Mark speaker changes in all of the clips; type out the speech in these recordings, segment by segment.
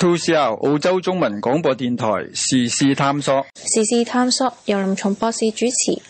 Speaker 1: To s h 澳洲中文廣播電台時事探索，
Speaker 2: 時事探索由林松博士主持。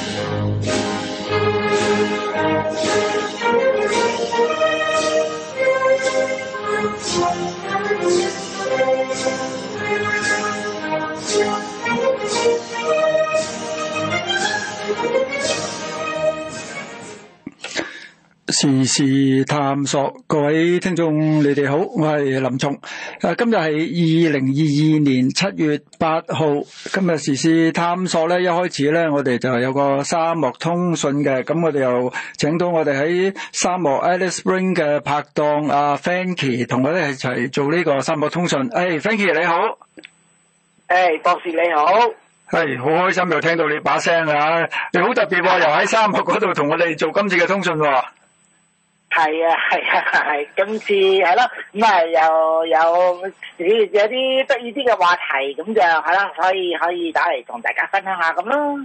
Speaker 1: 時事探索，各位聽眾你哋好，我係林聰。誒，今日係二零二二年七月八號。今日時事探索咧，一開始咧，我哋就有個沙漠通訊嘅，咁我哋又請到我哋喺沙漠 Alice Spring 嘅拍檔阿 Fancy 同我哋一齊做呢個沙漠通訊。誒、hey，Fancy 你好，誒，hey，博士你好，係好、
Speaker 3: hey，開
Speaker 1: 心又聽到你把聲、哎、啊！你好特別喎，又喺沙漠嗰度同我哋做今次嘅通訊喎、啊。
Speaker 3: 係啊，係啊，係、啊啊啊，今次係咯，咁啊又有有有啲得意啲嘅話題，咁就係啦，可、啊、以可以打嚟同大家分享下咁咯。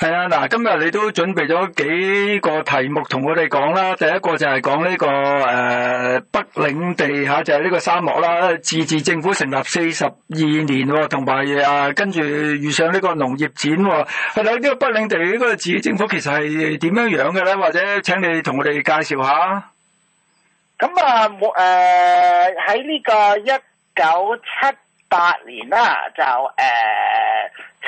Speaker 1: 係啊，嗱，今日你都準備咗幾個題目同我哋講啦。第一個就係講呢個誒、呃、北領地吓、啊，就係、是、呢個沙漠啦。自治政府成立四十二年，同、哦、埋啊，跟住遇上呢個農業展。係啦、哦、呢個北領地呢個自治政府其實係點樣樣嘅咧？或者請你同我哋介紹下。
Speaker 3: 咁啊，誒喺呢個一九七八年啦，就誒。呃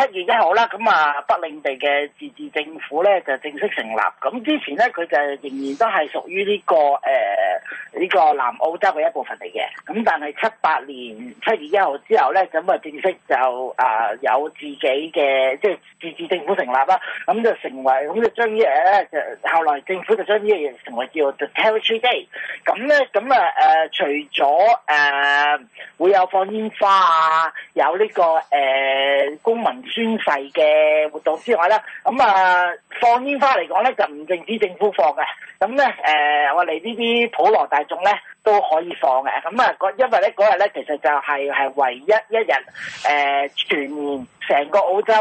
Speaker 3: 七月一號啦，咁啊北領地嘅自治政府咧就正式成立。咁之前咧佢就仍然都係屬於呢、這個誒呢、呃這個南澳洲嘅一部分嚟嘅。咁但係七八年七月一號之後咧，咁啊正式就啊、呃、有自己嘅即係自治政府成立啦。咁就成為咁就將呢樣咧就後來政府就將呢樣嘢成為叫做 Territory Day。咁咧咁啊誒除咗誒、呃、會有放煙花啊，有呢、這個誒、呃、公民。宣誓嘅活動之外咧，咁啊放煙花嚟講咧就唔淨止政府放嘅，咁咧誒我哋呢啲普羅大眾咧都可以放嘅，咁啊因為咧嗰日咧其實就係、係、係唯一一日誒、呃，全年成個澳洲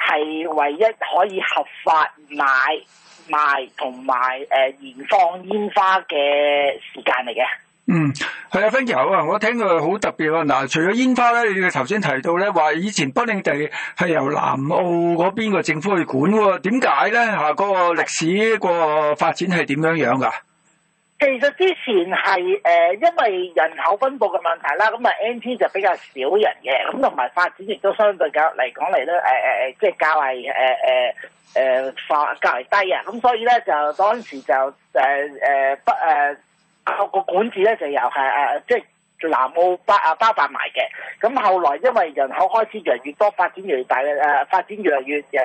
Speaker 3: 係唯一可以合法買，買賣同埋誒燃放煙花嘅時間嚟嘅。
Speaker 1: 嗯，係 Thank you. 啊，Finke 好啊，我聽過好特別啊。嗱，除咗煙花咧，你哋頭先提到咧，話以前北領地係由南澳嗰邊個政府去管喎，點解咧？吓、啊，嗰、那個歷史個發展係點樣樣噶？
Speaker 3: 其實之前係誒、呃，因為人口分布嘅問題啦，咁啊，N T 就比較少人嘅，咁同埋發展亦都相對較嚟講嚟咧，誒誒誒，即、呃、係、就是、較為誒誒誒，化、呃呃、較為低啊。咁所以咧就當時就誒誒不誒。呃呃啊個管治咧就由係誒，即係南澳包啊包辦埋嘅。咁後來因為人口開始越嚟越多，發展越嚟越大嘅誒，發展越嚟越誒誒誒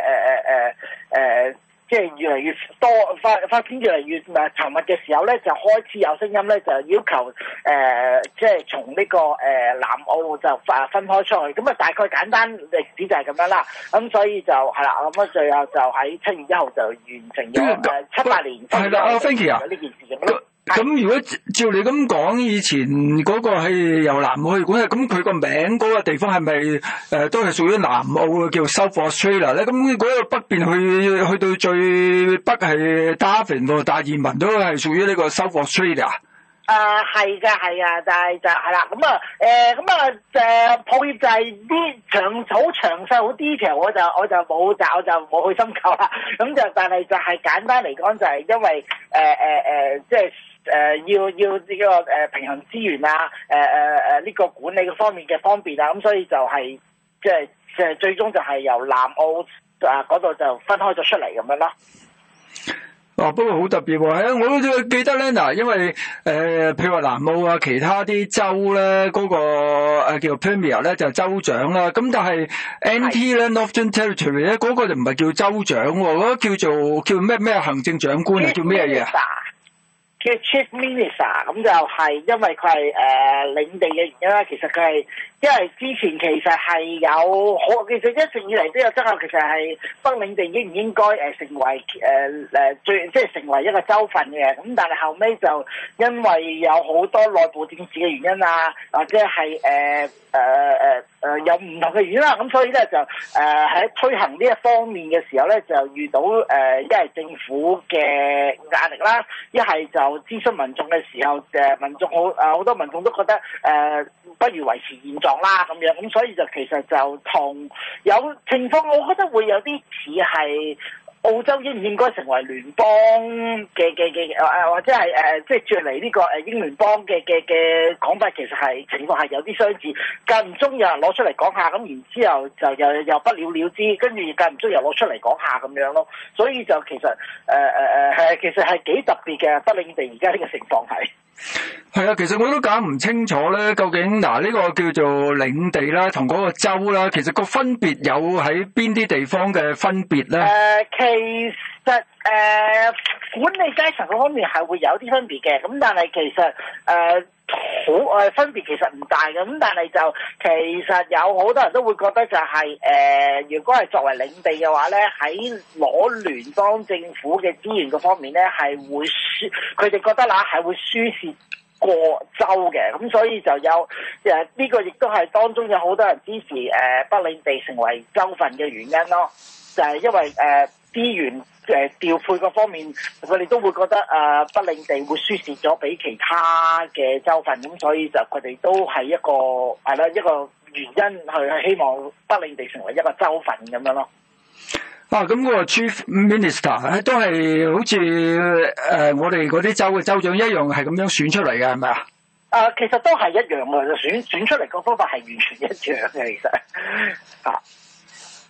Speaker 3: 誒誒，即係越嚟越多，發發展越嚟越誒沉悶嘅時候咧，就開始有聲音咧，就要求誒，即係從呢個誒南澳就分分開出去。咁啊，大概簡單歷史就係咁樣啦。咁所以就係啦，咁啊，最後就喺七月一號就完成咗誒七八年分開
Speaker 4: 呢件事情。
Speaker 1: 咁如果照你咁講，以前嗰個去由南去，過咧，咁佢個名嗰個地方係咪誒都係屬於南澳嘅叫 South Australia 咧？咁嗰個北邊去去到最北係 Darwin，大移民都係屬於呢個 South Australia。
Speaker 3: 誒係噶係噶，但係就係啦，咁啊誒咁啊誒，鋪業就係啲長草詳細好 detail，我就我就冇就我就冇去深究啦。咁就但係就係簡單嚟講就係因為誒誒誒即係。誒，要要呢個誒平衡資源啊，誒誒誒呢個管理方面嘅方便啊，咁、呃、所以就係即係
Speaker 1: 即係最終就係由南澳啊嗰度就分開咗出嚟咁樣咯。哦、啊，不過好特別喎、啊，我都記得咧嗱、呃，因為誒譬、呃、如話南澳啊，其他啲州咧嗰、那個誒叫 Premier 咧就係、是、州長啦，咁但係 NT 咧是 Northern Territory 咧嗰個就唔係叫州長，嗰、那個叫做叫咩咩行政長官啊，叫咩嘢
Speaker 3: Chief Minister 咁就係因為佢係誒領地嘅原因啦，其實佢係。因為之前其實係有好，其實一直以嚟都有爭拗，其實係北領地應唔應該誒成為誒誒、呃、最即係成為一個州份嘅。咁但係後尾就因為有好多內部政治嘅原因啊，或者係誒誒誒誒有唔同嘅原因啊，咁所以咧就誒喺、呃、推行呢一方面嘅時候咧，就遇到誒一係政府嘅壓力啦，一係就諮詢民眾嘅時候，誒民眾好啊好多民眾都覺得誒、呃、不如維持現狀。啦咁樣，咁、嗯、所以就其實就同有情況，我覺得會有啲似係澳洲應唔應該成為聯邦嘅嘅嘅，誒誒或者係誒、呃、即係轉嚟呢個誒英聯邦嘅嘅嘅講法，其實係情況係有啲相似。間唔中有人攞出嚟講下，咁然之後就又又不了了之，跟住間唔中又攞出嚟講下咁樣咯。所以就其實誒誒誒，其實係幾特別嘅，北領地而家呢個情況係。
Speaker 1: 係啊，其實我都搞唔清楚咧，究竟嗱呢、啊，這個叫做領地啦，同嗰個州啦，其實個分別有喺邊啲地方嘅分別咧？誒、uh, uh，
Speaker 3: 其實誒。管理階層嗰方面係會有啲分別嘅，咁但係其實誒好誒分別其實唔大嘅，咁但係就其實有好多人都會覺得就係、是、誒、呃，如果係作為領地嘅話咧，喺攞聯邦政府嘅資源嗰方面咧係會輸，佢哋覺得嗱係會輸蝕過州嘅，咁、嗯、所以就有誒呢、呃這個亦都係當中有好多人支持誒、呃、北領地成為州份嘅原因咯，就係、是、因為誒。呃資源誒調配嗰方面，佢哋都會覺得誒、呃、北領地會輸蝕咗俾其他嘅州份，咁、嗯、所以就佢哋都係一個係啦一個原因去希望北領地成為一個州份咁樣咯。
Speaker 1: 啊，咁個 Chief Minister 都係好似誒我哋嗰啲州嘅州長一樣係咁樣選出嚟嘅係咪啊？
Speaker 3: 啊，其實都係一樣嘅，選選出嚟嘅方法係完全一樣嘅，其實啊。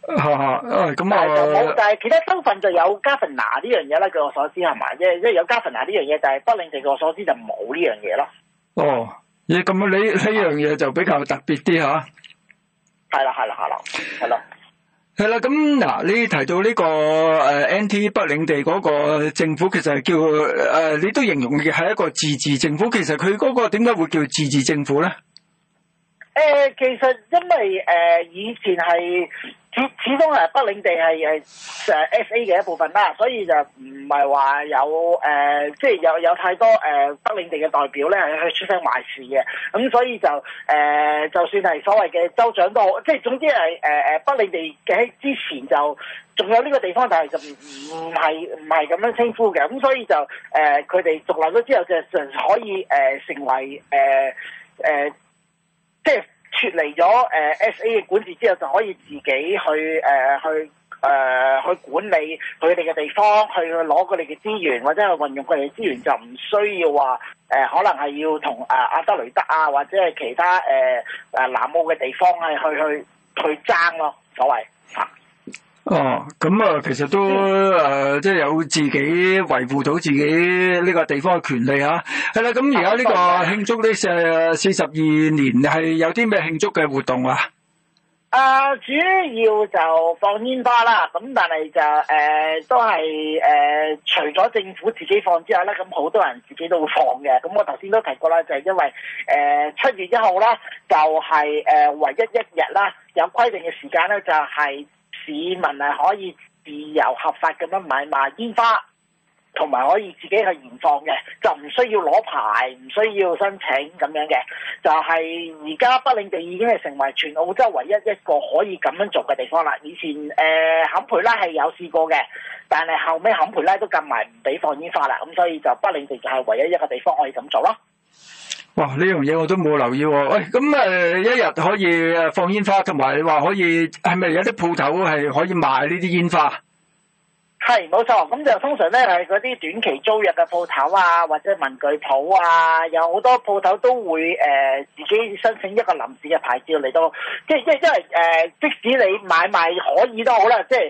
Speaker 1: 吓吓，咁啊！哎嗯、但係
Speaker 3: 其他州份就有 Governor 呢樣嘢啦。據我所知係嘛？即係即係有 Governor 呢樣嘢，但係北領地據我所知就冇呢樣嘢
Speaker 1: 咯。哦，嘢咁你呢呢樣嘢就比較特別啲嚇。係、啊、啦，係啦，係啦，係啦，係啦。咁嗱，你提到呢、這個誒 NT 北領地嗰個政府，其實係叫誒、呃，你都形容嘅係一個自治政府。其實佢嗰個點解會叫自治政府咧？
Speaker 3: 誒、呃，其實因為誒、呃、以前係。始始終係北領地係係誒 S A 嘅一部分啦，所以就唔係話有誒，即、呃、係、就是、有有太多誒、呃、北領地嘅代表咧去、呃、出聲壞事嘅，咁、嗯、所以就誒、呃，就算係所謂嘅州長都好，即係總之係誒誒北領地嘅之前就仲有呢個地方，但係就唔唔係唔係咁樣稱呼嘅，咁、嗯、所以就誒佢哋獨立咗之後就就可以誒、呃、成為誒誒、呃呃，即係。脫離咗誒 S A 嘅管治之後，就可以自己去誒、呃、去誒、呃、去管理佢哋嘅地方，去攞佢哋嘅資源，或者去運用佢哋嘅資源，就唔需要話誒、呃、可能係要同啊阿德雷德啊，或者係其他誒誒、呃、南澳嘅地方係去去去爭咯，所謂。
Speaker 1: 哦，咁、嗯、啊，其實都誒，即、呃、係有自己維護到自己呢個地方嘅權利吓。係、啊、啦，咁而家呢個慶祝呢四十二年係有啲咩慶祝嘅活動啊？
Speaker 3: 啊、呃，主要就放煙花啦。咁但係就誒、呃，都係誒、呃，除咗政府自己放之外咧，咁好多人自己都會放嘅。咁我頭先都提過、就是呃、啦，就係因為誒七月一號啦，就係誒唯一一日啦，有規定嘅時間咧，就係、是。市民係可以自由合法咁樣買賣煙花，同埋可以自己去燃放嘅，就唔需要攞牌，唔需要申請咁樣嘅。就係而家北領地已經係成為全澳洲唯一一個可以咁樣做嘅地方啦。以前誒堪培拉係有試過嘅，但係後尾坎培拉都禁埋唔俾放煙花啦。咁所以就北領地就係唯一一個地方可以咁做咯。
Speaker 1: 哇！呢樣嘢我都冇留意喎、哦。喂、哎，咁啊、嗯，一日可以放煙花，同埋話可以係咪有啲鋪頭係可以賣呢啲煙花？
Speaker 3: 係冇錯，咁就通常咧係嗰啲短期租約嘅鋪頭啊，或者文具鋪啊，有好多鋪頭都會誒、呃、自己申請一個臨時嘅牌照嚟到，即係即係因為誒，即使你買賣可以都好啦，即係誒誒，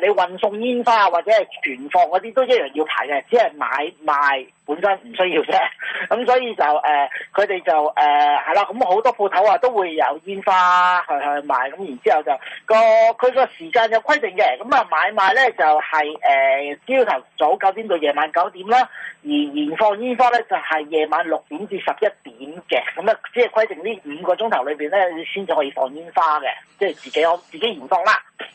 Speaker 3: 你運送煙花或者係存放嗰啲都一樣要牌嘅，只係買賣。買本身唔需要啫，咁所以就誒，佢、呃、哋就誒係啦，咁、呃、好多鋪頭啊都會有煙花去去賣，咁然之後就個佢個時間有規定嘅，咁啊買賣咧就係誒朝頭早九點到夜晚九點啦，而燃放煙花咧就係、是、夜晚六點至十一點嘅，咁啊即係規定呢五個鐘頭裏邊咧先至可以放煙花嘅，即係自己我自己燃放啦。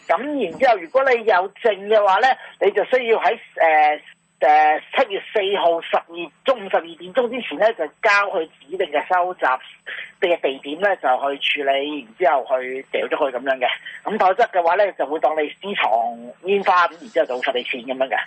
Speaker 3: 咁然之後如果你有證嘅話咧，你就需要喺誒。呃誒，七月四號十二中午十二點鐘之前咧，就交去指定嘅收集定係地點咧，就去處理，然之後去掉咗去咁樣嘅。咁否則嘅話咧，就會當你私藏煙花咁，然之後就會收你錢咁樣嘅。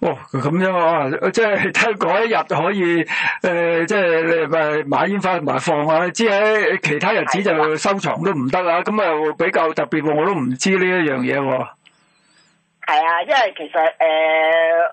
Speaker 1: 哦，咁樣啊，即係得嗰一日可以誒、呃，即係誒買煙花同埋放啊，之喺其他日子就收藏都唔得啦。咁啊的比較特別，我都唔知呢一樣嘢。係啊，
Speaker 3: 因為其實誒。呃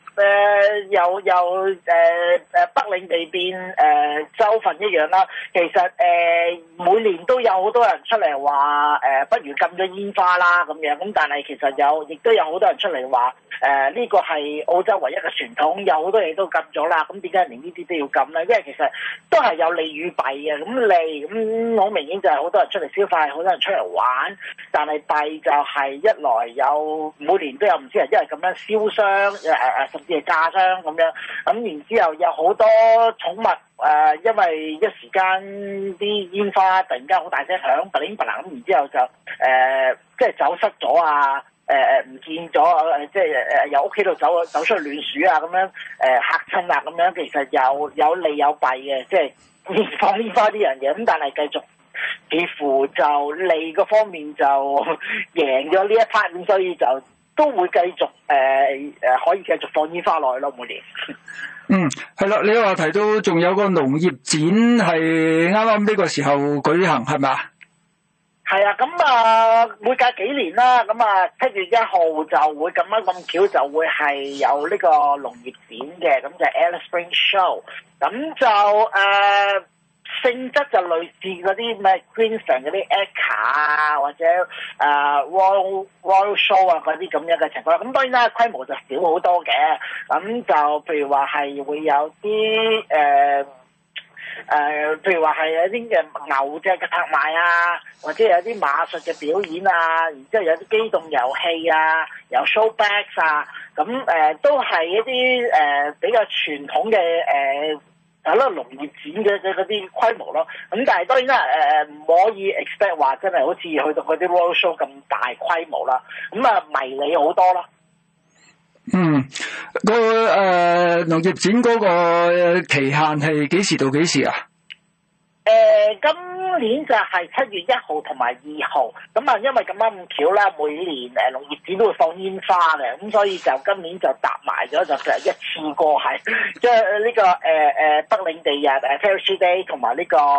Speaker 3: 誒、呃、又又誒誒北領地變誒州份一樣啦，其實誒、呃、每年都有好多人出嚟話誒，不如禁咗煙花啦咁樣，咁但係其實有亦都有好多人出嚟話誒，呢、呃這個係澳洲唯一嘅傳統，有好多嘢都禁咗啦，咁點解連呢啲都要禁咧？因為其實都係有利與弊嘅，咁利咁好、嗯、明顯就係好多人出嚟消費，好多人出嚟玩，但係弊就係一來有每年都有唔少人因為咁樣燒傷誒誒。呃呃呃即係炸傷咁樣，咁然之後有好多寵物誒、呃，因為一時間啲煙花突然間好大聲響，嗶嗶嗱咁，然之後就誒、呃，即係走失咗啊！誒誒唔見咗啊、呃！即係誒由屋企度走走出去亂鼠啊！咁樣誒、呃、嚇親啊！咁樣其實有有利有弊嘅，即係放煙花呢樣嘢，咁但係繼續，幾乎就利嘅方面就贏咗呢一 part，咁所以就。都會繼續誒誒、呃，可以繼續放煙花落去咯，每年。 嗯，
Speaker 1: 係啦，你話提到仲有個農業展係啱啱呢個時候舉行，係咪？
Speaker 3: 係啊，咁、嗯、啊，每隔幾年啦，咁、嗯、啊，七月一號就會咁樣咁巧，就會係有呢個農業展嘅，咁、嗯、就 Alice、是、Springs Show，咁、嗯、就誒。嗯性質就類似嗰啲咩 Queensland 嗰啲 Ekka 啊，或者啊、呃、Royal Royal Show 啊嗰啲咁樣嘅情況，咁、嗯、當然啦，規模就少好多嘅，咁、嗯、就譬如話係會有啲誒誒，譬如話係有啲嘅牛隻嘅拍賣啊，或者有啲馬術嘅表演啊，然之後有啲機動遊戲啊，有 showbags 啊，咁、嗯、誒、呃、都係一啲誒、呃、比較傳統嘅誒。呃係咯，農業展嘅嘅嗰啲規模咯，咁但係當然啦，誒唔可以 expect 話真係好似去到嗰啲 roadshow 咁大規模啦，咁啊迷你好多啦。嗯，
Speaker 1: 那個誒農業展嗰個、呃、期限係幾時到幾時啊？
Speaker 3: 誒、呃，今年就係七月一號同埋二號，咁、嗯、啊，因為咁啱咁巧啦，每年誒農、呃、業展都會放煙花嘅，咁、嗯、所以就今年就搭埋咗，就成一次過係即係呢個誒誒北領地日誒 Territory Day 同埋呢個誒誒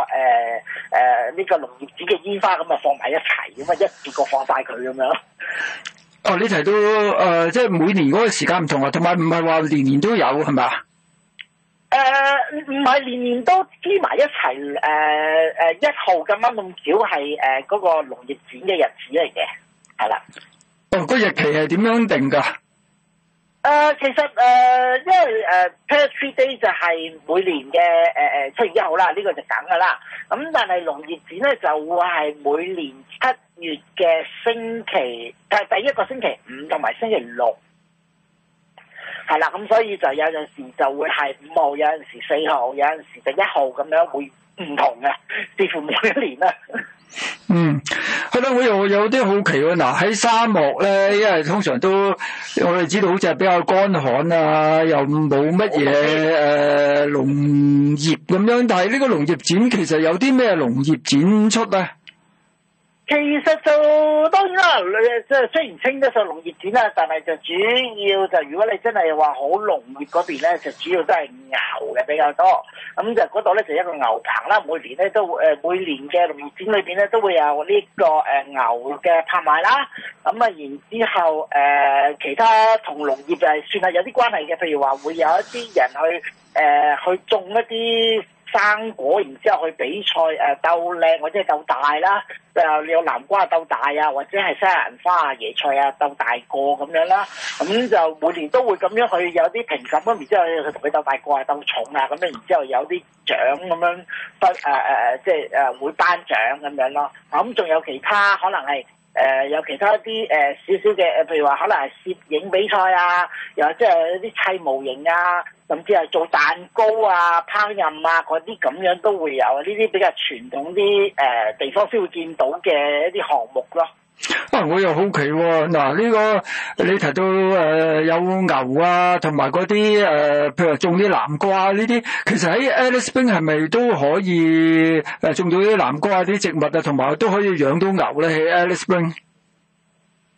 Speaker 3: 呢個農業展嘅煙花咁啊放埋一齊，咁啊一次過放晒佢咁樣。
Speaker 1: 哦，呢齊都誒，即係每年嗰個時間唔同啊，同埋唔係話年年都有係嘛？
Speaker 3: 誒，唔係年年都黐埋一齊誒誒一號咁樣咁巧係誒嗰個農業展嘅日子嚟嘅，係啦。
Speaker 1: 個、哦、日期係點樣定噶？
Speaker 3: 誒，uh, 其實誒，uh, 因為誒，Territory Day 就係每年嘅誒誒七月一號啦，呢、這個就梗噶啦。咁、嗯、但係農業展咧就會、是、係每年七月嘅星期，就誒，第一個星期五同埋星期六。係啦，咁所以就有陣時就會係
Speaker 4: 五號，
Speaker 1: 有陣時四號，有陣時定一號咁樣，會唔同嘅，幾乎每一年啦。嗯，係啦，我又有啲好奇喎。嗱，喺沙漠咧，因為通常都我哋知道好似係比較乾旱啊，又冇乜嘢誒農業咁樣。但係呢個農業展其實有啲咩農業展出啊？
Speaker 3: 其實就當然啦，即係雖然稱得上農業展啦，但係就主要就如果你真係話好農業嗰邊咧，就主要都係牛嘅比較多。咁就嗰度咧就一個牛棚啦，每年咧都會誒每年嘅農業展裏邊咧都會有呢個誒牛嘅拍賣啦。咁啊，然之後誒其他同農業誒就係算係有啲關係嘅，譬如話會有一啲人去誒、呃、去種一啲生果，然之後去比賽誒鬥靚或者鬥大啦，誒你有南瓜鬥大啊，或者係西蘭花啊、椰菜啊鬥大個咁樣啦，咁、嗯、就每年都會咁樣去有啲評審咁，然之後佢同佢鬥大個鬥啊、鬥重啊咁樣，然之後有啲獎咁樣得誒誒誒，即係誒、呃、會頒獎咁樣咯。咁、嗯、仲有其他可能係誒、呃、有其他一啲誒、呃、少少嘅，譬如話可能係攝影比賽啊，又或者係一啲砌模型啊。甚至係做蛋糕啊、烹飪啊嗰啲咁樣都會有啊。呢啲比較傳統啲誒、呃、地方先會見到嘅一啲項
Speaker 1: 目咯。啊，我又好奇喎、哦，嗱、啊、呢、呢個你提到誒、呃、有牛啊，同埋嗰啲誒譬如種啲南瓜啊，呢啲，其實喺 Alice Spring 係咪都可以誒種到啲南瓜啊、啲植物啊，同埋都可以養到牛咧喺 Alice Spring？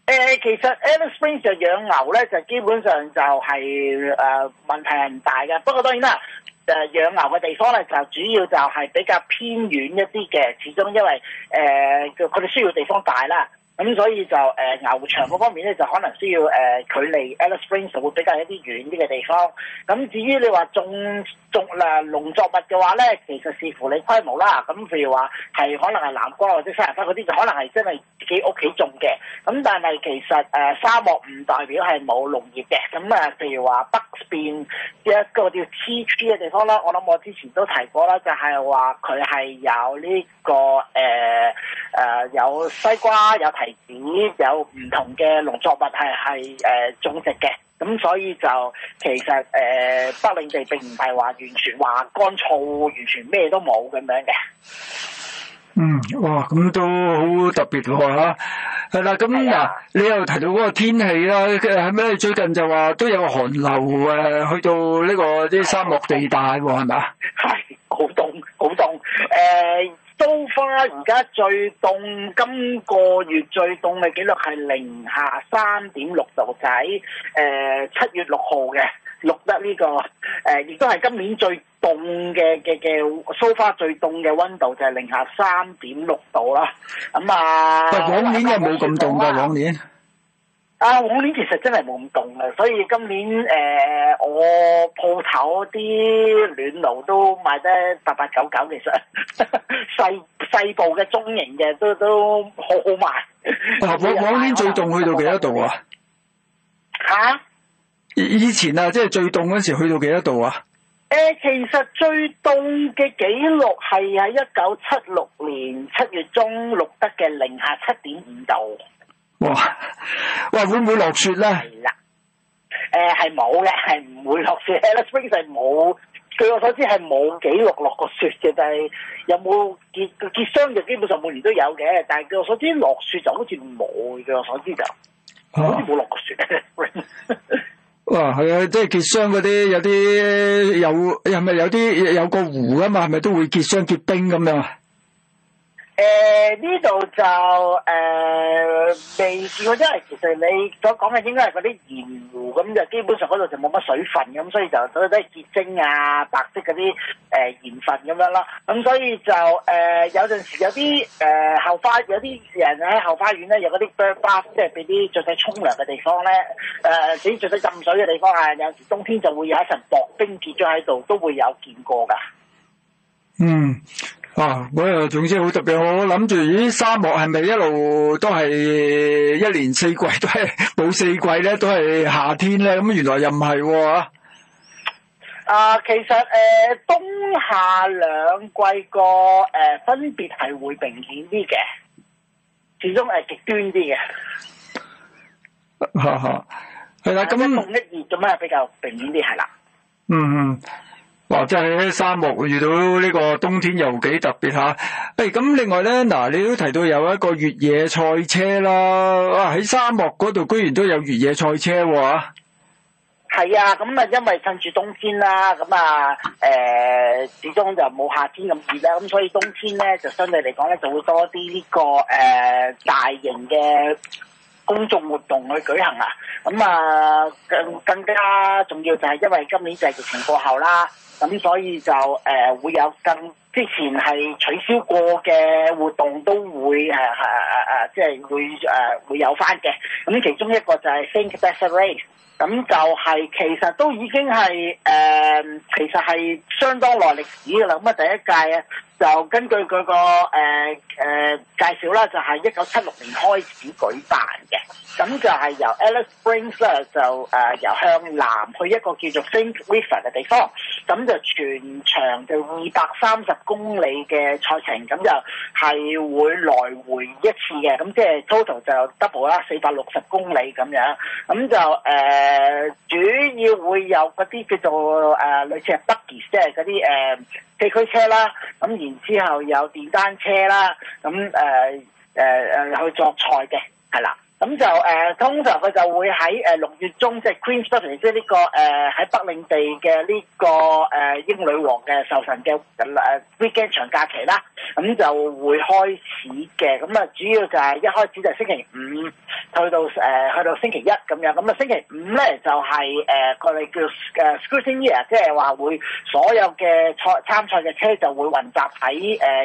Speaker 3: 誒、呃，其實 Alice Springs 嘅養牛咧，就基本上就係、是、誒、呃、問題係唔大嘅。不過當然啦，誒、呃、養牛嘅地方咧就主要就係比較偏遠一啲嘅，始終因為誒佢哋需要地方大啦。咁所以就誒、呃、牛場嗰方面咧，就可能需要誒、呃、距離 Alice Springs 就會比較一啲遠啲嘅地方。咁至於你話種。種誒農作物嘅話咧，其實視乎你規模啦。咁譬如話，係可能係南瓜或者西蘭花嗰啲，就可能係真係自己屋企種嘅。咁但係其實誒、呃、沙漠唔代表係冇農業嘅。咁誒譬如話北邊一，一個叫 T 區嘅地方啦，我諗我之前都提過啦，就係話佢係有呢、這個誒誒、呃呃、有西瓜、有提子、有唔同嘅農作物係係誒種植嘅。咁所以就其實誒、呃、北領地並唔係話完全話乾燥，完全咩都冇咁樣嘅。
Speaker 1: 嗯，哇，咁都好特別喎嚇。係啦，咁嗱，啊、你又提到嗰個天氣啦，係咩？最近就話都有個寒流誒，啊、去到呢個啲沙漠地帶喎、哦，係咪啊？係吧，好凍，
Speaker 3: 好凍，誒。呃蘇花而家最凍，今個月最凍嘅紀錄係零下三點六度仔，誒、就、七、是呃、月六號嘅錄得呢、這個，誒、呃、亦都係今年最凍嘅嘅嘅蘇花最凍嘅溫度就係零下三點六度啦，咁、嗯、啊，不過往年有冇咁凍噶，啊、往年。
Speaker 4: 啊！
Speaker 3: 往年其實真係冇咁凍呀，所以今年誒、呃、我鋪頭啲暖爐都賣得八八九九，其實細細部嘅中型嘅都都好好賣。
Speaker 1: 嗱、啊以啊、往年最凍去到幾多度啊？
Speaker 3: 嚇、
Speaker 1: 啊！以前啊，即、就、係、是、最凍嗰時去到幾多度啊？
Speaker 3: 誒、啊，其實最凍嘅記錄係喺一九七六年七月中錄得嘅零下七點五度。
Speaker 1: 哇！喂，會唔會落雪咧？
Speaker 3: 係啦，誒、呃，係冇嘅，係唔會落雪。Alice Springs 就係冇，據我所知係冇記錄落過雪嘅。但係有冇結個結霜就基本上每年都有嘅。但係據我所知落雪就好似冇嘅。據我所知就、啊、
Speaker 4: 好似冇
Speaker 3: 落過雪。
Speaker 1: 哇，係啊！即係結霜嗰啲，有啲有，係咪有啲有個湖啊嘛？係咪都會結霜結冰咁樣啊？
Speaker 3: 誒，呢度、呃、就誒未、呃、見過，因為其實你所講嘅應該係嗰啲鹽湖，咁就基本上嗰度就冇乜水分，咁、嗯、所以就所有都係結晶啊，白色嗰啲誒鹽分咁樣咯。咁所以就誒、呃、有陣時有啲誒、呃、後花，有啲人喺後花園咧有嗰啲 bird bath 即係俾啲雀仔沖涼嘅地方咧，誒俾雀仔浸水嘅地方啊，有時冬天就會有一層薄冰結咗喺度，都會有見過噶。嗯。
Speaker 1: 哦，嗰度、啊、總之好特別。我諗住，咦，沙漠係咪一路都係一年四季都係冇四季咧？都係夏天咧？咁原來又唔係喎。
Speaker 3: 啊，其實誒、呃，冬夏兩季個誒、呃、分別係會明顯啲嘅，始終係極端啲嘅。
Speaker 1: 哈
Speaker 3: 哈， 係啦，咁一凍一熱咁樣比較明顯啲？係啦，嗯
Speaker 1: 嗯。哦，即係喺沙漠遇到呢個冬天又幾特別吓。誒、啊，咁、哎，另外咧，嗱，你都提到有一個越野賽車啦，哇、啊，喺沙漠嗰度居然都有越野賽車喎。
Speaker 3: 係啊，咁啊、嗯，因為趁住冬天啦，咁、嗯、啊，誒、嗯，始終就冇夏天咁熱啦，咁所以冬天咧就相對嚟講咧就會多啲呢、這個誒、呃、大型嘅。公眾活動去舉行、嗯、啊，咁啊更更加重要就係因為今年就係疫情過後啦，咁、嗯、所以就誒、呃、會有更。之前係取消過嘅活動都會誒誒誒誒，即係會誒、啊、會有翻嘅。咁其中一個就係 Finke Desert Race，咁就係其實都已經係誒、呃，其實係相當耐歷史噶啦。咁啊第一屆啊，就根據佢個誒誒介紹啦，就係一九七六年開始舉辦嘅。咁就係由 Alice Springs 就誒由、呃、向南去一個叫做 Finke River 嘅地方，咁就全場就二百三十，公里嘅賽程，咁就係會來回一次嘅，咁即係 total 就 double 啦，四百六十公里咁樣，咁就誒、呃、主要會有嗰啲叫做誒、呃、類似係 buggies 即係嗰啲誒地區車啦，咁然之後有電單車啦，咁誒誒誒去作賽嘅，係啦。咁就誒、呃，通常佢就會喺誒六月中，即係 Queen's Birthday，即係呢、這個誒喺、呃、北領地嘅呢、這個誒、呃、英女王嘅壽辰嘅誒 weekend 長假期啦。咁就會開始嘅。咁啊，主要就係一開始就係星期五去到誒、呃、去到星期一咁樣。咁啊，星期五咧就係誒佢哋叫誒 scrutineer，即係話會所有嘅賽參賽嘅車就會混集喺誒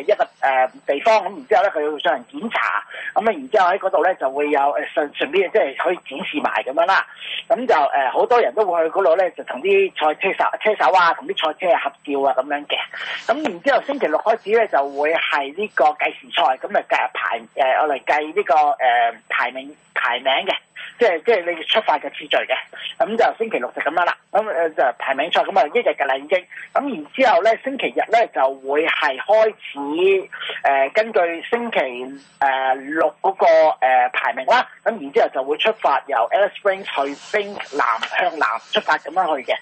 Speaker 3: 一個誒地方。咁然之後咧，佢要上嚟檢查。咁咧，然之後喺嗰度咧就會有誒。順順便即係可以展示埋咁樣啦，咁就誒好、呃、多人都會去嗰度咧，就同啲賽車手、車手啊，同啲賽車合照啊咁樣嘅。咁然之後星期六開始咧，就會係呢個計時賽，咁嚟、呃、計排誒我嚟計呢個誒、呃、排名排名嘅。即係即係你出發嘅次序嘅，咁、嗯、就星期六就咁樣啦，咁、嗯、誒就排名賽，咁啊一日嘅啦已經，咁、嗯、然之後咧星期日咧就會係開始誒、呃、根據星期誒六嗰、那個、呃、排名啦，咁然之後就會出發由 Alice Springs 去 Finke 向南出發咁樣去嘅。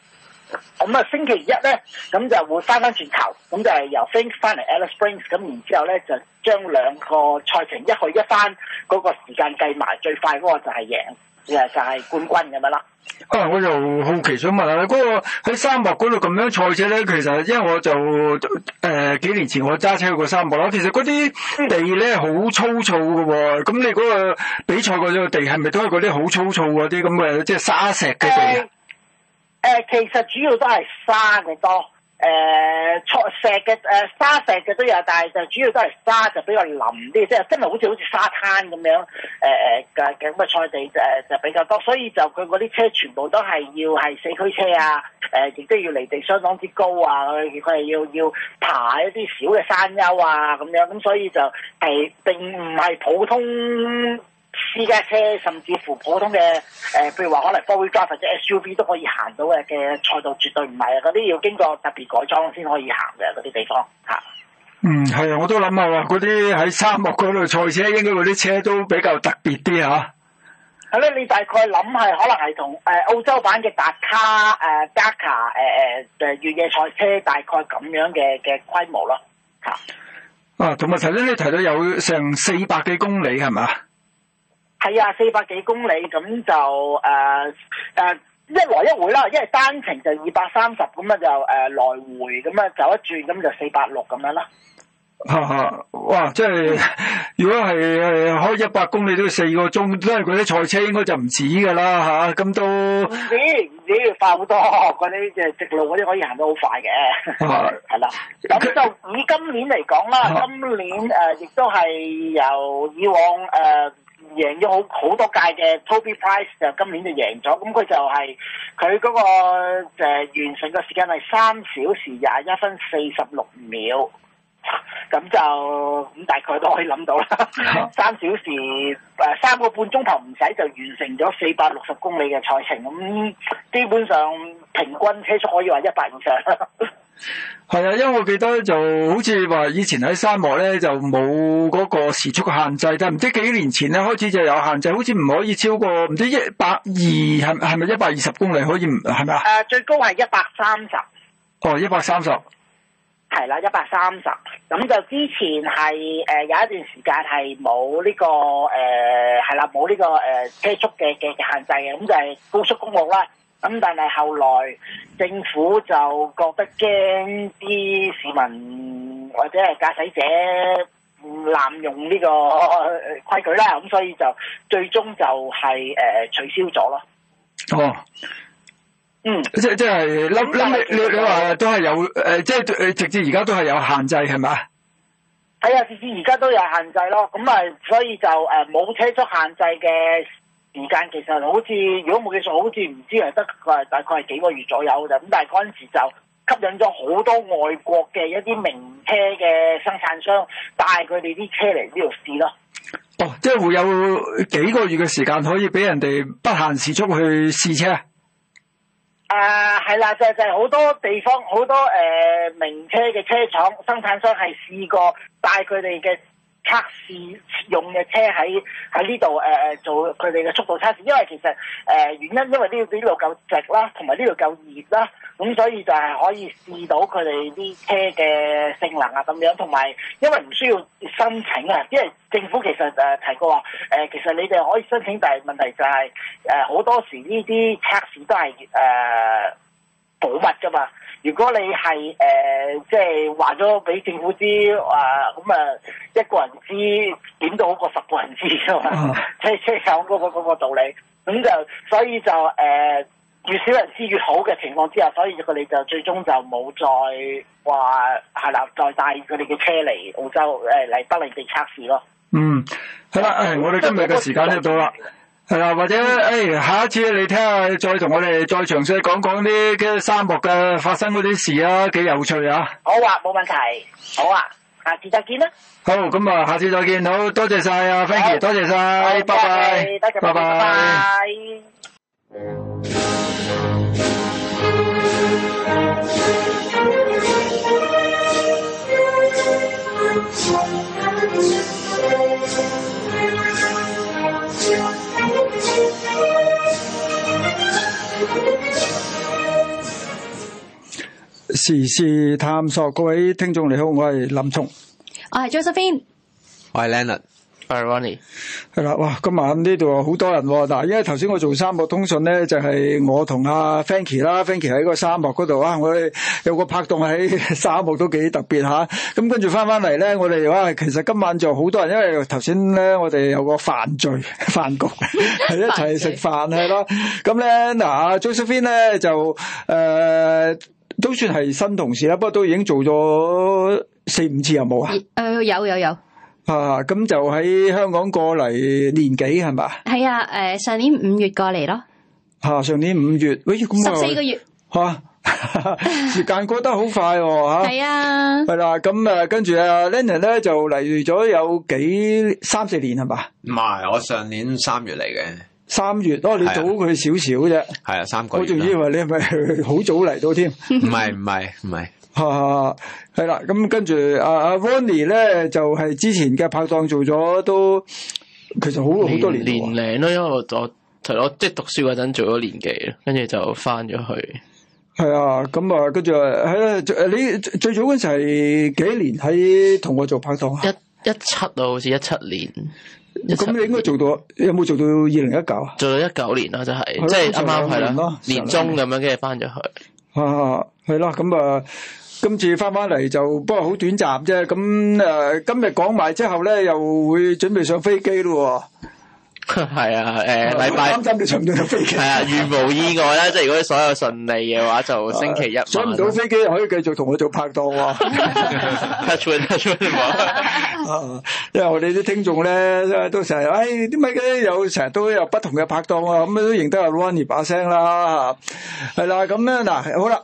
Speaker 3: 咁啊、嗯，星期一咧，咁、嗯、就會翻翻轉頭，咁、嗯、就係、是、由 Finke 翻嚟 Alice Springs，咁、嗯、然之後咧就將兩個賽程一去一翻，嗰、那個時間計埋，最快嗰個就係贏，誒、嗯、就係、是、冠軍咁樣啦。
Speaker 4: 啊，我又
Speaker 1: 好奇想問下你，嗰、那個喺沙漠嗰度咁樣賽車咧，其實因為我就誒、呃、幾年前我揸車去過沙漠啦，其實嗰啲地咧好、嗯、粗糙噶、哦，咁你嗰個比賽嗰個地係咪都係嗰啲好粗糙嗰啲咁嘅即係沙石嘅地？嗯
Speaker 3: 誒、呃、其實主要都係沙嘅多，誒、呃、礫石嘅誒、呃、沙石嘅都有，但係就主要都係沙就比較腍啲，即係真係好似好似沙灘咁樣誒誒嘅咁嘅菜地誒就，就比較多，所以就佢嗰啲車全部都係要係四驅車啊，誒、呃、亦都要離地相當之高啊，佢佢係要要爬一啲小嘅山丘啊咁樣，咁、嗯、所以就係並唔係普通。私家車甚至乎普通嘅誒、呃，譬如話可能跑車或者 SUV 都可以行到嘅嘅賽道，絕對唔係啊！嗰啲要經過特別改裝先可以行嘅嗰啲地方吓。
Speaker 1: 啊、嗯，係啊，我都諗下喎。嗰啲喺沙漠嗰度賽車，應該嗰啲車都比較特別啲吓。
Speaker 3: 係、啊、咯，你大概諗係可能係同誒澳洲版嘅達卡誒 Daka 誒誒誒越野賽車大概咁樣嘅嘅規模咯。吓。
Speaker 1: 啊，同埋頭先你提到有成四百幾公里係咪？
Speaker 3: 係啊，四百幾公里咁就誒誒、uh, uh, 一來一回啦，因為單程就二百三十咁啊，就、uh, 誒來回咁啊走一轉咁就四百六咁樣啦。吓
Speaker 1: 吓、啊，哇！即係如果係係開一百公里都要四個鐘，即係嗰啲賽車應該就唔止噶啦吓，咁、啊、都唔
Speaker 3: 止唔止快好多嗰啲即係直路嗰啲可以行得好快嘅。係係啦。咁 就以今年嚟講啦，啊啊、今年誒、呃、亦都係由以往誒。呃贏咗好好多屆嘅 Toby Price 就今年就贏咗，咁佢就係佢嗰個誒完成嘅時間係三小時廿一分四十六秒，咁就咁大概都可以諗到啦。 三小時誒三個半鐘頭唔使就完成咗四百六十公里嘅賽程，咁基本上平均車速可以話一百以上。
Speaker 1: 係啊，因為我記得就好似話以前喺沙漠咧就冇嗰個時速嘅限制，但係唔知幾年前咧開始就有限制，好似唔可以超過唔知一百二，係係咪一百二十公里可以唔係咪啊？誒，
Speaker 3: 最高係一百三十。
Speaker 1: 哦，一百三十。
Speaker 3: 係啦，一百三十。咁就之前係誒有一段時間係冇呢個誒係啦，冇、呃、呢、呢個誒、呃、車速嘅、嘅限制嘅，咁就係高速公路啦。咁但係後來政府就覺得驚啲市民或者係駕駛者濫用呢個規矩啦，咁所以就最終就係誒取消咗咯。
Speaker 4: 哦，
Speaker 1: 嗯，即即係你你話都係有誒，即係直至而家都係有限制係咪？
Speaker 3: 係啊，直至而家都有限制咯。咁啊，所以就誒冇車速限制嘅。時間其實好似，如果冇記錯，好似唔知係得誒，大概係幾個月左右咋。咁但係嗰陣時就吸引咗好多外國嘅一啲名車嘅生產商帶佢哋啲車嚟呢度試咯。
Speaker 1: 哦，即係會有幾個月嘅時間可以俾人哋不限時速去試車。誒、
Speaker 3: 啊，係啦，就係、就係好多地方，好多誒、呃、名車嘅車廠生產商係試過帶佢哋嘅。測試用嘅車喺喺呢度誒誒做佢哋嘅速度測試，因為其實誒、呃、原因，因為呢呢度夠直啦，同埋呢度夠熱啦，咁所以就係可以試到佢哋啲車嘅性能啊咁樣，同埋因為唔需要申請啊，因為政府其實誒、呃、提過話誒、呃，其實你哋可以申請，但係問題就係誒好多時呢啲測試都係誒、呃、保密㗎嘛。如果你係誒，即係話咗俾政府知，話咁啊，一個人知點都好過十個人知㗎嘛，即係即係講嗰個道理。咁就所以就誒、呃，越少人知越好嘅情況之下，所以佢哋就最終就冇再話係啦，再帶佢哋嘅車嚟澳洲誒嚟北領地測試咯。
Speaker 4: 嗯，好啦，誒，我哋
Speaker 3: 今日嘅時間都到啦。
Speaker 1: 係啦，或者誒，下一次你聽下，再同我哋再詳細講講啲嘅沙漠嘅發生嗰啲事啊，幾有趣啊！好
Speaker 3: 啊，冇問題。好啊，下次再見啦。
Speaker 1: 好，咁啊，下次再見。好多謝晒啊，Fanny，多謝
Speaker 3: 晒，
Speaker 5: 拜拜，拜拜。
Speaker 1: 時事探索，各位聽眾你好，我係林聰，
Speaker 2: 我係 Josephine，
Speaker 6: 我係 Leonard。係
Speaker 1: 啦，哇、啊！今晚呢度好多人。嗱，因為頭先我做沙漠通訊咧，就係、是、我同阿 Fanky 啦、啊、Fanky 喺個沙漠嗰度啊，我哋有個拍檔喺沙漠都幾特別吓。咁、啊、跟住翻翻嚟咧，我哋哇，其實今晚就好多人，因為頭先咧，我哋有個飯聚，飯局，係 一齊食飯係咯。咁咧， 嗱、啊、Josephine 咧就誒、呃、都算係新同事啦，不過都已經做咗四五次任務啊？誒，
Speaker 2: 有有有。有有有有。
Speaker 1: 啊，咁就喺香港過嚟年幾係嘛？
Speaker 2: 係啊，誒、呃，上年五月過嚟咯。
Speaker 1: 吓、啊，上年五月，喂、哎，咁十四個月，吓、啊， 時間過得好快喎，吓。係啊。係啦、 啊，咁誒、啊啊，跟住阿 Lennon 咧就嚟咗有幾三四年係嘛？
Speaker 6: 唔係，我上年三月嚟嘅。
Speaker 1: 三月，我、哦、你早佢少少啫。
Speaker 6: 係啊，三、啊、個月。我仲以為
Speaker 1: 你係咪好早嚟到添。唔
Speaker 6: 係唔係唔係。
Speaker 1: 係係係，係啦。咁跟住阿阿 Vonnie 咧，就係之前嘅拍檔做咗，都其實
Speaker 5: 好好多年。年零咯，因為我我，我即係讀書嗰陣做咗年幾，跟住就翻咗去。
Speaker 1: 係啊，咁啊，跟住係你最早嗰陣係幾年喺同我做拍檔？一一
Speaker 5: 七啊，好似一七年。咁你應該做到，有冇做到二零一九啊？做到一九年啦，就係即係啱啱係啦，年中咁樣跟住翻咗去。
Speaker 1: 係啦，咁啊。今次翻翻嚟就不過好短暫啫，咁誒，今日講埋之後咧，又會準備上飛機咯。係啊，誒，禮拜啱
Speaker 5: 啱就上到咗飛機。係啊，如無意外啦，即係如果所有順利嘅話，就星期一上唔到飛
Speaker 1: 機，可以繼續同我做拍檔。
Speaker 4: 得寸得寸嘛，
Speaker 1: 因為我哋啲聽眾咧都成日，誒，點解有成日都有不同嘅拍檔啊，咁都認得阿 Ronny 把聲啦，係啦，咁樣嗱，好啦。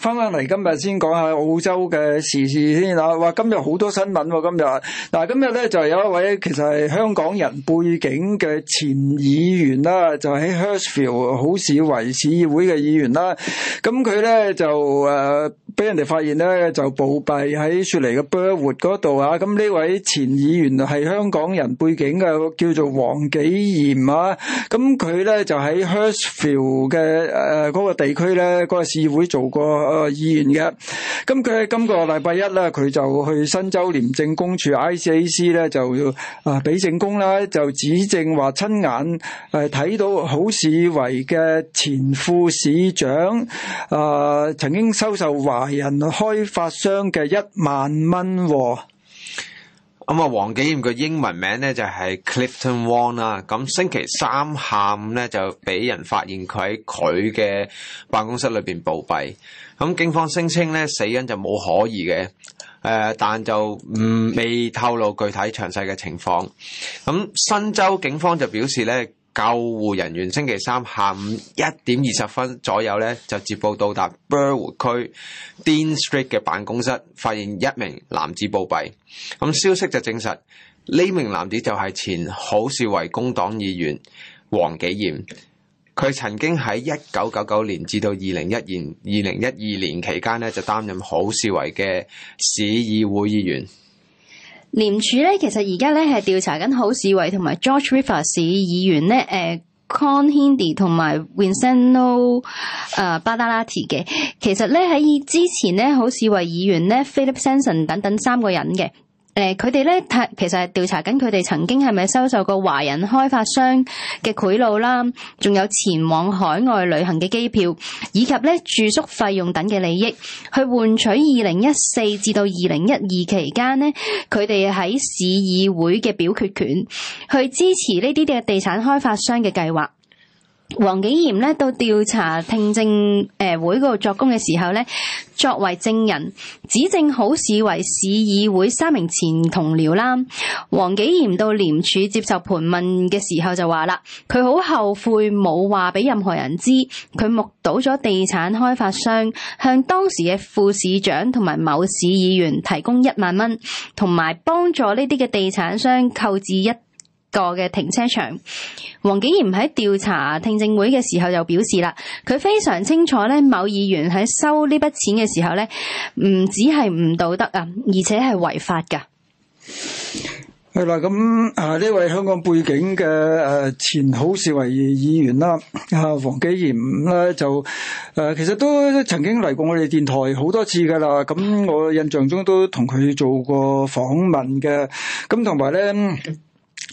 Speaker 1: 翻返嚟今日先講下澳洲嘅時事先啦。哇，今日好多新聞喎，哦，今日嗱、啊、今日咧就有一位其實係香港人背景嘅前議員啦，就喺 Hersfield 好市維市議會嘅議員啦。咁佢咧就誒俾、呃、人哋發現咧就暴斃喺雪梨嘅 Burwood 嗰度啊。咁呢位前議員係香港人背景嘅，叫做黃紀賢啊。咁佢咧就喺 Hersfield 嘅誒嗰、呃那個地區咧嗰個市議會做過。誒，議員嘅，咁佢喺今個禮拜一咧，佢就去新州廉政公署 I C A C 咧，就啊，俾證供啦，就指證話親眼誒睇到好市圍嘅前副市長啊，呃，曾經收受華人開發商嘅一萬蚊，哦。咁
Speaker 6: 啊，嗯，黃景炎嘅英文名咧就係、是、Clifton Wong 啦。咁星期三下午咧就俾人發現佢喺佢嘅辦公室裏邊暴斃。咁警方聲稱咧，死因就冇可疑嘅，誒、呃，但就唔未透露具體詳細嘅情況。咁新州警方就表示咧，救護人員星期三下午一點二十分左右咧就接報到達 Burwood 區 Dean Street 嘅辦公室，發現一名男子暴斃。咁消息就證實，呢名男子就係前好市圍工黨議員黃紀賢。佢曾經喺一九九九年至到二零一年、二零一二年期間咧，就擔任好市圍嘅市議會議員。
Speaker 2: 廉署咧，其實而家咧係調查緊好市圍同埋 Georges River 市議員咧，誒、呃、Con Hindi 同埋 Vincento 誒、呃、Badalati 嘅。其實咧喺之前咧，好市圍議員咧 Philip Sansom 等等三個人嘅。誒，佢哋咧，其實係調查緊佢哋曾經係咪收受過華人開發商嘅賄賂啦，仲有前往海外旅行嘅機票以及咧住宿費用等嘅利益，去換取二零一四至到二零一二期間咧，佢哋喺市議會嘅表決權，去支持呢啲嘅地產開發商嘅計劃。黃景賢咧到調查聽證誒會度作供嘅時候呢，作為證人指證好市圍市議會三名前同僚啦。黃景賢到廉署接受盤問嘅時候就話啦，佢好後悔冇話俾任何人知，佢目睹咗地產開發商向當時嘅副市長同埋某市議員提供一萬蚊，同埋幫助呢啲嘅地產商購置一。個嘅停車場，黃景賢喺調查聽證會嘅時候就表示啦，佢非常清楚咧，某議員喺收呢筆錢嘅時候咧，唔只係唔道德啊，而且係違法噶。
Speaker 1: 係啦，咁啊呢位香港背景嘅誒前好市圍議員啦，啊黃景賢咧就誒其實都曾經嚟過我哋電台好多次噶啦，咁我印象中都同佢做過訪問嘅，咁同埋咧。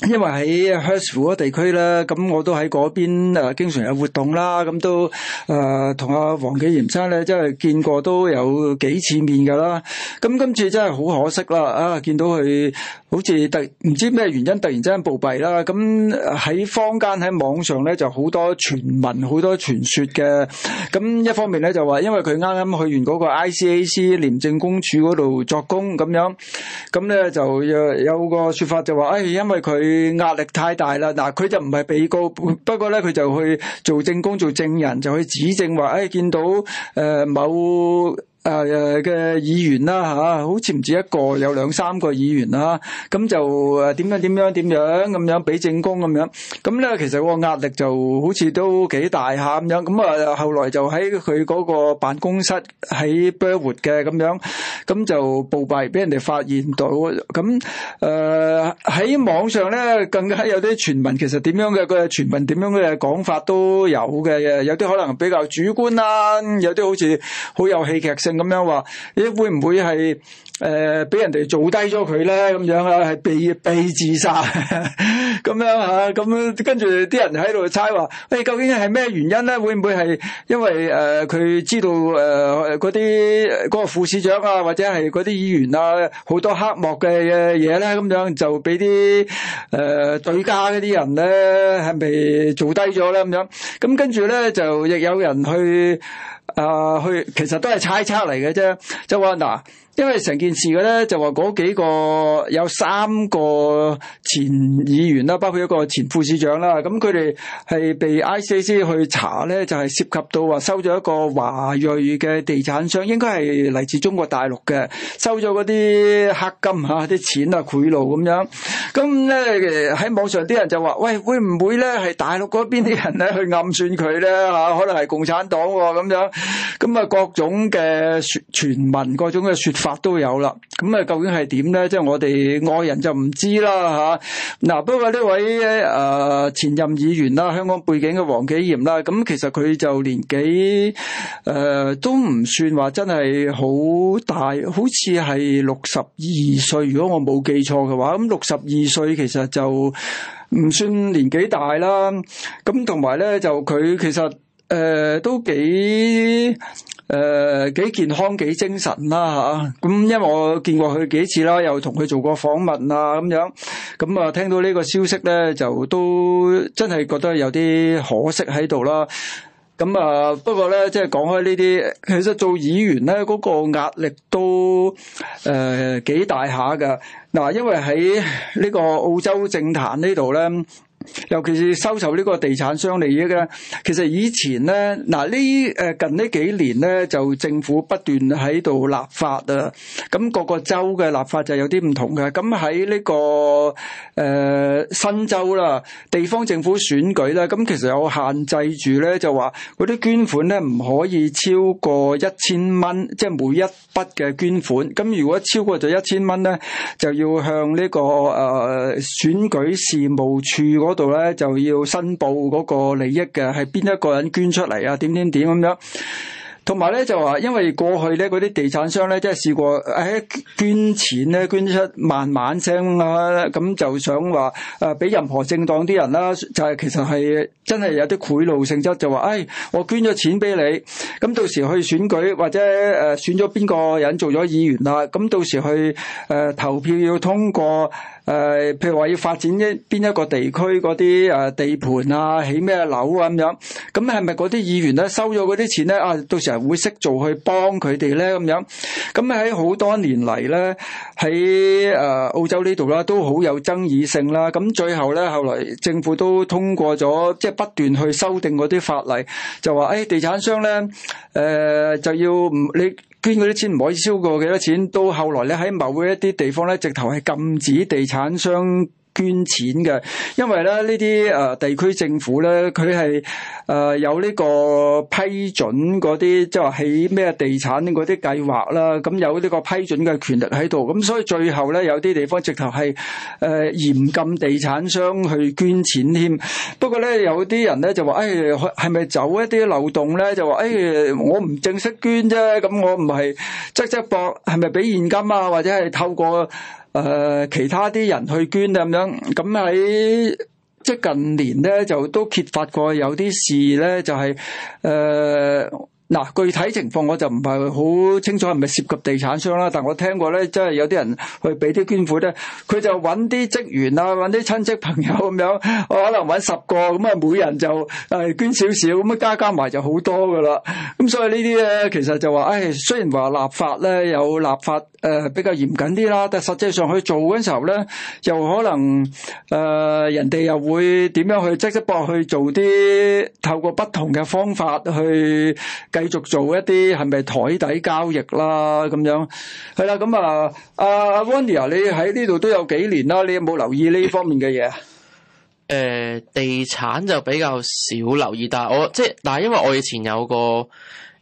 Speaker 1: 因為喺 Hurstville 嗰地區咧，咁我都喺嗰邊誒經常有活動啦，咁都誒同阿黃紀賢生咧，真係見過都有幾次面嘅啦。咁今次真係好可惜啦，啊見到佢，好似突，唔知咩原因突然之間暴斃啦，咁喺坊間喺網上咧就好多傳聞、好多傳説嘅。咁一方面咧就話，因為佢啱啱去完嗰個 ICAC 廉政公署嗰度作供。咁樣，咁咧就有個説法就話，哎，因為佢壓力太大啦。嗱，佢就唔係被告，不過咧佢就去做證供、做證人，就去指證話，哎，見到誒、呃、某。誒嘅、啊、議員啦吓、啊、好似唔止一個，有兩三個議員啦，咁、啊、就誒點樣點樣點樣咁樣俾正工咁樣，咁咧其實個壓力就好似都幾大下咁樣。咁啊後來就喺佢嗰個辦公室喺寶活嘅，咁樣咁就暴斃俾人哋發現到，咁誒喺網上咧更加有啲傳聞，其實點樣嘅嘅傳聞點樣嘅講法都有嘅，有啲可能比較主觀啦，有啲好似好有戲劇性。咁樣話，咦？會唔會係誒俾人哋做低咗佢咧？咁樣啊，係被被自殺咁 樣嚇，咁跟住啲人喺度猜話，誒、欸、究竟係咩原因咧？會唔會係因為誒佢、呃、知道誒嗰啲嗰個副市長啊，或者係嗰啲議員啊，好多黑幕嘅嘢咧？咁樣就俾啲誒對家嗰啲人咧，係咪做低咗咧？咁樣咁跟住咧，就亦有人去。啊，去、呃，其實都係猜測嚟嘅啫，就話、是、嗱。呃因為成件事嘅咧，就話幾個有三個前議員啦，包括一個前副市長啦，咁佢哋係被 ICC 去查咧，就係涉及到話收咗一個華裔嘅地產商，應該係嚟自中國大陸嘅，收咗啲黑金嚇，啲錢啊賄賂咁樣咁咧，喺網上啲人就話喂，會唔會咧係大陸邊啲人咧去暗算佢咧？吓，可能係共產黨喎、哦、咁樣咁啊，各種嘅傳聞，各種嘅說法。都有啦，咁啊究竟係點咧？即、就、係、是、我哋外人就唔知啦嚇。嗱、啊，不過呢位誒、呃、前任議員啦，香港背景嘅黃紀賢啦，咁其實佢就年紀誒、呃、都唔算話真係好大，好似係六十二歲。如果我冇記錯嘅話，咁六十二歲其實就唔算年紀大啦。咁同埋咧，就佢其實誒、呃、都幾。誒，幾、呃、健康幾精神啦、啊、吓，咁、啊、因為我見過佢幾次啦，又同佢做過訪問啊咁樣，咁啊聽到呢個消息咧，就都真係覺得有啲可惜喺度啦。咁啊，不過咧即係講開呢啲，其實做議員咧嗰，那個壓力都誒、呃、幾大下㗎。嗱、啊，因為喺呢個澳洲政壇呢度咧。尤其是收受呢個地產商利益嘅。其實以前咧，嗱呢誒近呢幾年咧，就政府不斷喺度立法啊，咁各個州嘅立法就有啲唔同嘅。咁喺呢個誒、呃、新州啦，地方政府選舉咧，咁其實有限制住咧，就話嗰啲捐款，咧唔可以超過一千蚊，即、就、係、是、每一筆嘅捐款。咁如果超過咗一千蚊咧，就要向呢、這個誒、呃、選舉事務處度咧就要申報嗰個利益嘅，係邊一個人捐出嚟啊？點點點咁樣，怎樣，同埋咧就話，因為過去咧嗰啲地產商咧，即係試過誒、哎、捐錢咧，捐出萬萬聲啦，咁就想話誒俾任何政黨啲人啦，就係、是、其實係真係有啲賄賂性質，就話誒、哎、我捐咗錢俾你，咁到時去選舉或者誒、呃、選咗邊個人做咗議員啦，咁到時去誒、呃、投票要通過。誒、呃，譬如話要發展一邊一個地區嗰啲誒地盤啊，起咩樓啊咁樣，咁係咪嗰啲議員咧收咗嗰啲錢咧？啊，到時候會識做去幫佢哋咧咁樣。咁喺好多年嚟咧，喺誒、呃、澳洲呢度啦，都好有爭議性啦。咁最後咧，後來政府都通過咗，即、就、係、是、不斷去修訂嗰啲法例，就話誒、欸、地產商咧，誒、呃、就要唔你。捐嗰啲錢唔可以超過幾多錢，到後來咧喺某一啲地方咧，直頭係禁止地產商。捐錢嘅，因為咧呢啲誒、呃、地區政府咧，佢係誒有呢個批准嗰啲，即係話起咩地產嗰啲計劃啦，咁有呢個批准嘅權力喺度，咁所以最後咧有啲地方直頭係誒嚴禁地產商去捐錢添。不過咧有啲人咧就話：誒係咪走一啲漏洞咧？就話誒、哎、我唔正式捐啫，咁我唔係側側博，係咪俾現金啊？或者係透過？誒，其他啲人去捐，咁樣，咁喺即係近年咧就都揭發過有啲事咧、就是，就係誒。嗱，具體情況我就唔係好清楚係咪涉及地產商啦，但我聽過咧，真係有啲人去俾啲捐款咧，佢就揾啲職員啊，揾啲親戚朋友咁樣，我可能揾十個咁啊，每人就誒捐少少，咁啊加加埋就好多噶啦。咁所以呢啲咧，其實就話誒、哎、雖然話立法咧有立法，誒比較嚴謹啲啦，但實際上去做嗰陣時候咧，又可能誒、呃、人哋又會點樣去積極去做啲透過不同嘅方法去。繼續做一啲係咪台底交易啦咁樣，係啦咁啊，阿 Winnie 啊，你喺呢度都有幾年啦，你有冇留意呢方面嘅嘢？
Speaker 5: 誒、呃，地產就比較少留意，但係我即係，但係因為我以前有個誒、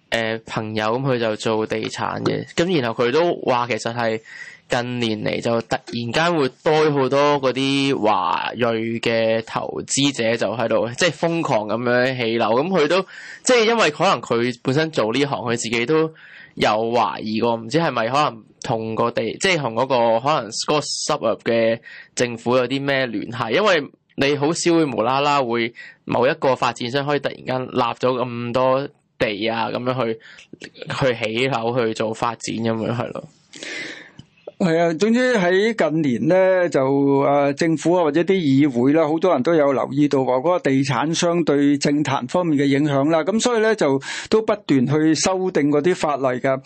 Speaker 5: 呃、朋友咁，佢就做地產嘅，咁然後佢都話其實係。近年嚟就突然間會多好多嗰啲華裔嘅投資者就，就喺度即係瘋狂咁樣起樓。咁佢都即係、就是、因為可能佢本身做呢行，佢自己都有懷疑過，唔知係咪可能同個地即係同嗰個可能 Scott Suburb 嘅政府有啲咩聯繫？因為你好少會無啦啦會某一個發展商可以突然間立咗咁多地啊，咁樣去去起樓去做發展咁樣係咯。
Speaker 1: 係啊，總之喺近年咧就誒政府啊或者啲議會啦，好多人都有留意到話嗰個地產商對政壇方面嘅影響啦，咁所以咧就都不斷去修訂嗰啲法例噶。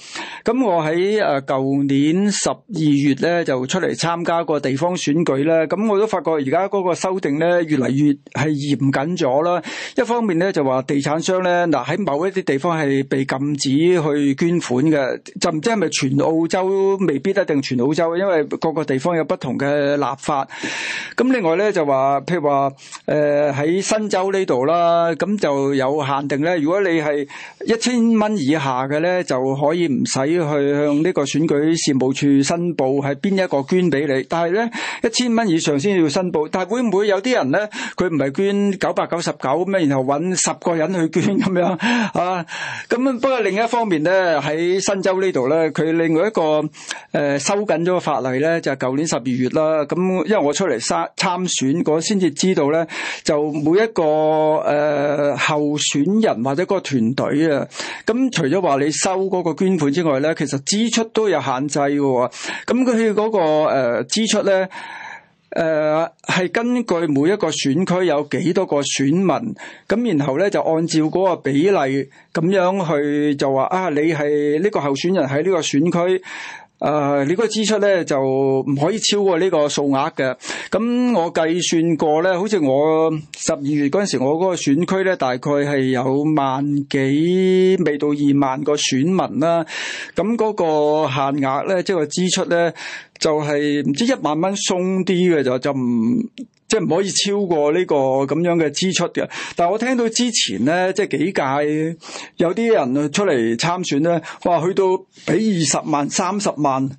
Speaker 1: 咁我喺誒舊年十二月咧就出嚟參加個地方選舉咧，咁我都發覺而家嗰個修訂咧越嚟越係嚴謹咗啦。一方面咧就話地產商咧嗱喺某一啲地方係被禁止去捐款嘅，就唔知係咪全澳洲未必一定全。澳洲，因為各個地方有不同嘅立法。咁另外咧就話，譬如話，誒喺新州呢度啦，咁就有限定咧。如果你係一千蚊以下嘅咧，就可以唔使去向呢個選舉事務處申報係邊一個捐俾你。但係咧一千蚊以上先要申報。但係會唔會有啲人咧，佢唔係捐九百九十九咩？然後揾十個人去捐咁樣啊？咁不過另一方面咧，喺新州呢度咧，佢另外一個誒收。跟咗個法例咧，就係、是、舊年十二月啦。咁因為我出嚟參參選，我先至知道咧，就每一個誒、呃、候選人或者個團隊啊，咁除咗話你收嗰個捐款之外咧，其實支出都有限制嘅喎。咁佢嗰個誒、呃、支出咧，誒、呃、係根據每一個選區有幾多個選民，咁然後咧就按照嗰個比例咁樣去就話啊，你係呢個候選人喺呢個選區。誒，uh，你嗰個支出咧就唔可以超過呢個數額嘅。咁我計算過咧，好似我十二月嗰陣時，我嗰個選區咧大概係有萬幾，未到二萬個選民啦。咁嗰個限額咧，即係個支出咧，就係唔知一萬蚊鬆啲嘅就就唔。即係唔可以超過呢個咁樣嘅支出嘅，但係我聽到之前咧，即係幾屆有啲人出嚟參選咧，話去到俾二十萬、三十萬。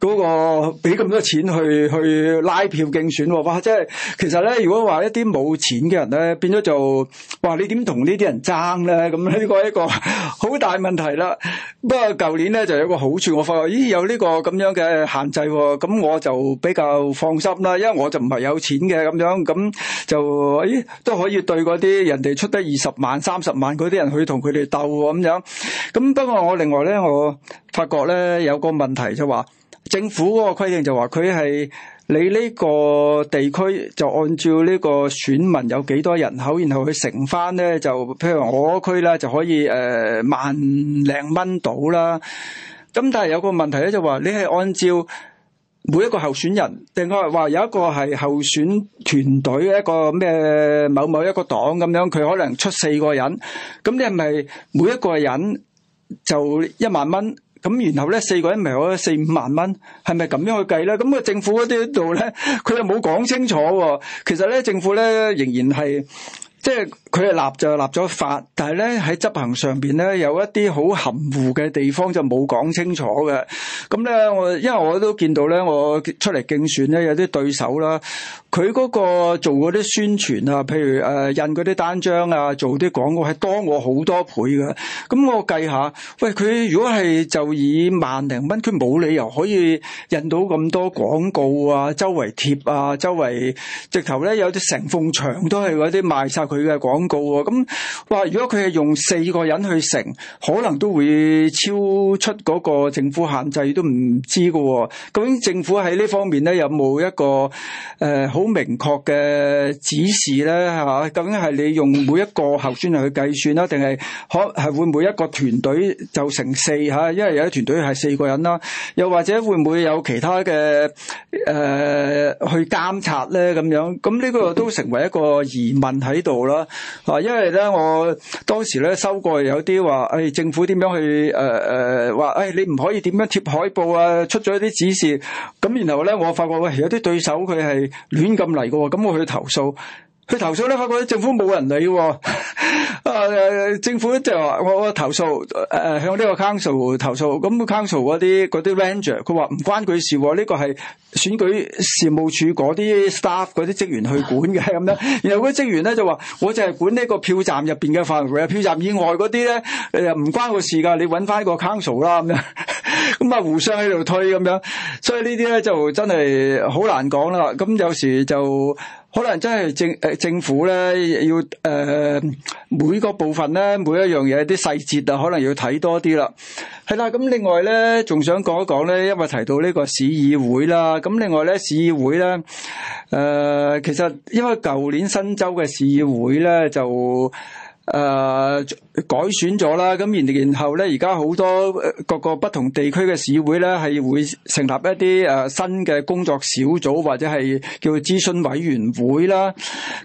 Speaker 1: 嗰個俾咁多錢去去拉票競選，哦，哇！即係其實咧，如果話一啲冇錢嘅人咧，變咗就話你點同呢啲人爭咧？咁呢個一個好 大問題啦。不過舊年咧就有個好處，我發覺，咦有呢個咁樣嘅限制，哦，咁我就比較放心啦，因為我就唔係有錢嘅咁樣，咁就咦都可以對嗰啲人哋出得二十萬、三十萬嗰啲人去同佢哋鬥咁、哦、樣。咁不過我另外咧，我發覺咧有個問題就話，政府嗰個規定就話佢係你呢個地區就按照呢個選民有幾多人口，然後去乘翻咧，就譬如我區啦，就可以誒萬零蚊到啦。咁但係有個問題咧，就話你係按照每一個候選人定係話有一個係候選團隊一個咩某某一個黨咁樣，佢可能出四個人，咁你係咪每一個人就一萬蚊？咁然後咧，四個人咪攞四五萬蚊，係咪咁樣去計咧？咁、嗯、個政府嗰啲度咧，佢又冇講清楚喎、哦。其實咧，政府咧仍然係即係。佢係立就立咗法，但係咧喺執行上邊咧有一啲好含糊嘅地方就冇講清楚嘅。咁咧我因為我都見到咧，我出嚟競選咧有啲對手啦，佢個做啲宣傳啊，譬如誒、呃、印啲單張啊，做啲廣告係多我好多倍嘅。咁我計下，喂，佢如果係就以萬零蚊，佢冇理由可以印到咁多廣告啊，周圍貼啊，周圍直頭咧有啲成幅牆都係啲賣晒佢嘅廣告。廣告咁話！如果佢係用四個人去乘，可能都會超出嗰個政府限制，都唔知噶、哦。究竟政府喺呢方面咧，有冇一個誒好、呃、明確嘅指示咧？吓、啊，究竟係你用每一個候選人去計算啦，定係可係會每一個團隊就成四吓、啊？因為有一團隊係四個人啦，又或者會唔會有其他嘅誒、呃、去監察咧？咁樣，咁呢個都成為一個疑問喺度啦。嗱，因為咧，我當時咧收過有啲話：誒、哎、政府點樣去誒誒話：誒、呃哎、你唔可以點樣貼海報啊，出咗一啲指示，咁然後咧，我發覺：喂、哎，有啲對手佢係亂咁嚟嘅喎，咁我去投訴。佢投訴咧，發覺政府冇人理、哦。誒、啊、政府咧就話：我我投訴誒、呃、向呢個 council 投訴，咁 council 嗰啲嗰啲 ranger 佢話唔關佢事喎、哦，呢、呢個係選舉事務處嗰啲 staff 嗰啲職員去管嘅咁樣。然後嗰啲職員咧就話：我就係管呢個票站入邊嘅範圍，票站以外嗰啲咧誒唔關我事㗎，你揾翻個 council 啦咁樣。咁啊互相喺度推咁樣，所以呢啲咧就真係好難講啦。咁有時就。可能真係政，誒、政府咧要誒、呃、每個部分咧每一樣嘢啲細節啊，可能要睇多啲啦。係啦，咁另外咧仲想講一講咧，因為提到呢個市議會啦，咁另外咧市議會咧誒、呃，其實因為舊年新州嘅市議會咧就誒。呃改選咗啦，咁然然後咧，而家好多各個不同地區嘅市會咧，係會成立一啲誒新嘅工作小組或者係叫諮詢委員會啦。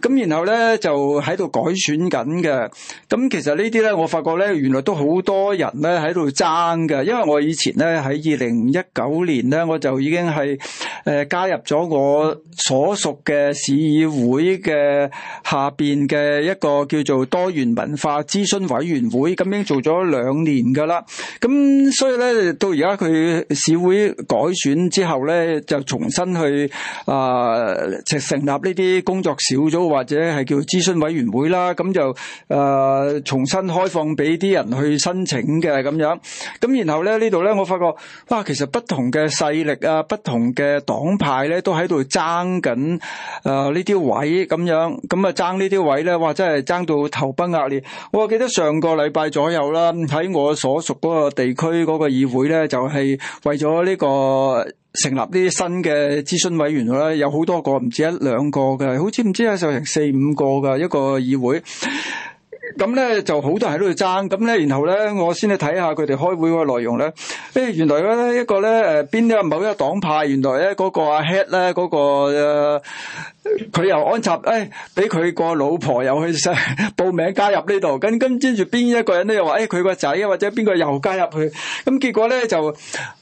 Speaker 1: 咁然後咧就喺度改選緊嘅。咁其實呢啲咧，我發覺咧，原來都好多人咧喺度爭嘅。因為我以前咧喺二零一九年咧，我就已經係誒加入咗我所屬嘅市議會嘅下邊嘅一個叫做多元文化諮詢委。委員會，咁已經做咗兩年噶啦，咁所以咧到而家佢市會改選之後咧，就重新去啊、呃，成立呢啲工作小組或者係叫諮詢委員會啦。咁就誒、呃、重新開放俾啲人去申請嘅咁樣。咁然後咧呢度咧，我發覺哇，其實不同嘅勢力啊，不同嘅黨派咧，都喺度爭緊誒呢啲位咁樣。咁啊爭呢啲位咧，哇真係爭到頭崩額裂。我記得上。五個禮拜左右啦，喺我所屬嗰個地區嗰個議會咧，就係、是、為咗呢個成立啲新嘅諮詢委員啦，有好多個唔止一兩個嘅，好似唔知咧就成四五個嘅一個議會。咁咧就好多人喺度爭，咁咧然後咧，我先去睇下佢哋開會個內容咧。誒、欸、原來咧一個咧誒邊個某一個黨派原來咧嗰個阿 head 咧嗰，那個，佢，呃、又安插誒，俾，欸、佢個老婆又去報名加入呢度。跟跟住邊一個人咧又話誒佢個仔或者邊個又加入去，咁結果咧就。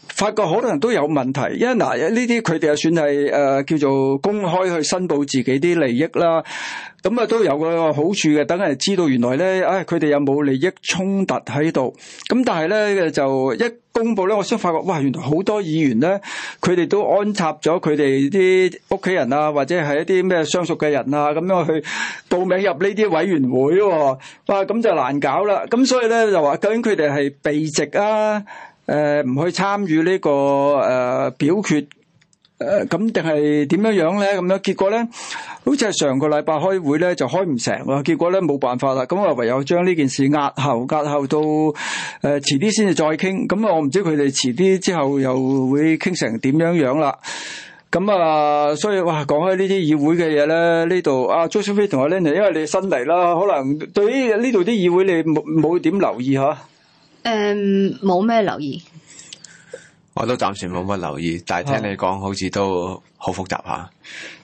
Speaker 1: 發覺好多人都有問題，因為嗱呢啲佢哋就算係誒、呃、叫做公開去申報自己啲利益啦，咁啊都有個好處嘅，等人知道原來咧，誒佢哋有冇利益衝突喺度，咁但係咧就一公布咧，我先發覺，哇原來好多議員咧，佢哋都安插咗佢哋啲屋企人啊，或者係一啲咩相熟嘅人啊，咁樣去報名入呢啲委員會喎，啊，哇咁就難搞啦，咁所以咧就話究竟佢哋係避席啊？誒，唔、呃、去參與呢、這個誒、呃、表決，誒咁定係點樣呢樣咧？咁樣結果咧，好似係上個禮拜開會咧就開唔成啊！結果咧冇辦法啦，咁我唯有將呢件事押後，押後到誒、呃、遲啲先至再傾。咁啊，我唔知佢哋遲啲之後又會傾成點樣樣啦。咁啊，所以哇，講開呢啲議會嘅嘢咧，呢度啊，Joseph 同阿 Lenny，因為你新嚟啦，可能對於呢度啲議會你冇冇點留意嚇。
Speaker 2: 誒，冇咩、um, 留意，
Speaker 6: 我都暫時冇乜留意，嗯、但係聽你講，好似都好複雜吓。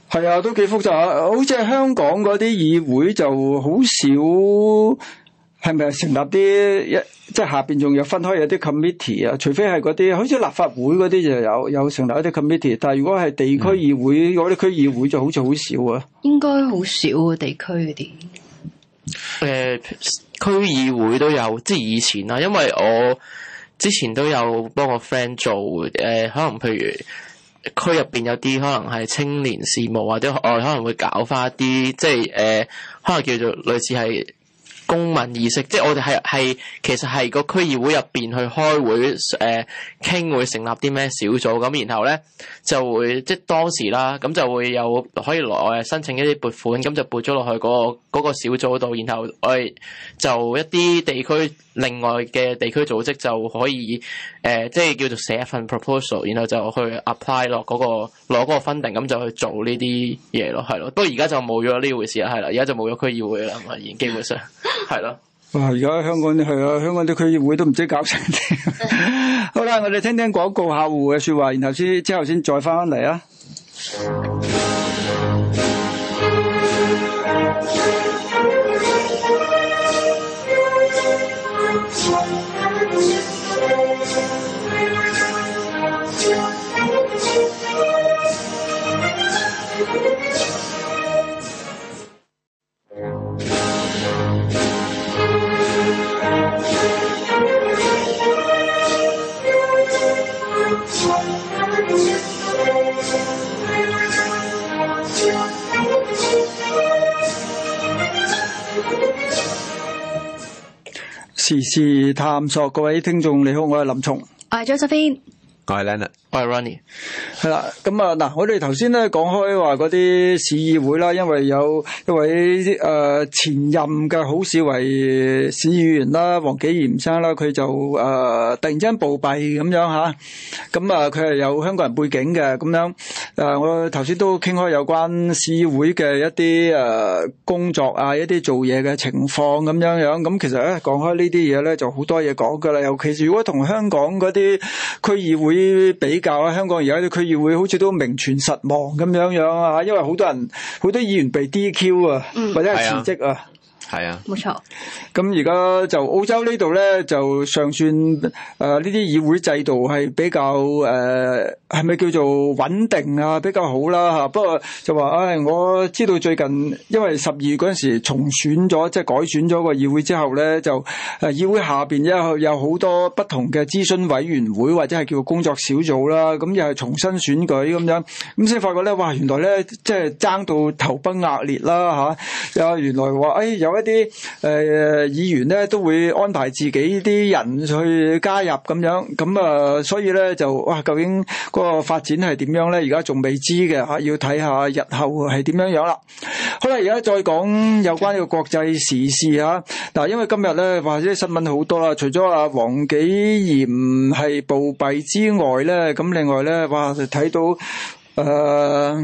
Speaker 1: 係啊，都幾複雜啊！好似香港嗰啲議、就是議、嗯、議會就好少，係咪成立啲一即係下邊仲有分開有啲 committee 啊？除非係嗰啲，好似立法會嗰啲就有有成立一啲 committee，但係如果係地區議會，我啲區議會就好似好少啊。
Speaker 2: 應該好少啊，地區嗰啲。誒。
Speaker 5: Uh, 區議會都有，即係以前啦，因為我之前都有幫個 friend 做，誒、呃、可能譬如區入邊有啲可能係青年事務，或者我可能會搞翻啲，即係誒、呃、可能叫做類似係公民意識，即係我哋係係其實係個區議會入邊去開會，誒、呃、傾會成立啲咩小組咁，然後咧。就會即當時啦，咁就會有可以攞誒申請一啲撥款，咁就撥咗落去嗰個嗰個小組度，然後我哋就一啲地區另外嘅地區組織就可以誒、呃，即叫做寫一份 proposal，然後就去 apply 落嗰個攞嗰個 funding 咁就去做呢啲嘢咯，係咯，不過而家就冇咗呢回事啦，係啦，而家就冇咗區議會啦，而基本上係咯。
Speaker 1: 哇！而家香港係啊，香港啲區議會都唔知搞成點。 好啦，我哋聽聽廣告客戶嘅說話，然後先之後先再翻翻嚟啊。時事探索，各位聽眾，你好，我係林松，
Speaker 2: 我係張淑芬，
Speaker 1: 我係 Leon。喂，Ronnie，係啦，咁啊嗱，我哋頭先咧講開話嗰啲市議會啦，因為有一位誒前任嘅好市為市議員啦，黃紀賢生啦，佢就誒突然之間暴斃咁樣吓，咁啊佢係有香港人背景嘅，咁樣誒我頭先都傾開有關市議會嘅一啲誒工作啊，一啲做嘢嘅情況咁樣樣，咁其實咧講開呢啲嘢咧就好多嘢講噶啦，尤其是如果同香港嗰啲區議會比。比較啦，香港而家啲區議會好似都名存實亡咁樣樣啊，因為好多人好多議員被 DQ 啊，嗯、或者係辭職啊。
Speaker 2: 係啊，冇錯。
Speaker 1: 咁而家就澳洲呢度咧，就尚算誒、呢、呃、啲議會制度係比較誒、係、呃、咪叫做穩定啊？比較好啦、啊、吓。不過就話，誒、哎、我知道最近因為十二月嗰時重選咗，即係改選咗個議會之後咧，就誒議會下邊有有好多不同嘅諮詢委員會或者係叫工作小組啦、啊。咁、嗯、又係重新選舉咁樣，咁先發覺咧，哇！原來咧即係爭到頭崩額裂啦、啊、吓。又、啊、原來話，誒、哎、有。一啲誒、呃、議員咧都會安排自己啲人去加入咁樣，咁啊、呃，所以咧就哇，究竟嗰個發展係點樣咧？而家仲未知嘅、啊，要睇下日後係點樣樣啦。好啦，而家再講有關呢個國際時事啊。嗱，因為今日咧話啲新聞好多啦，除咗阿黃紀賢係暴斃之外咧，咁另外咧哇，就睇到誒。呃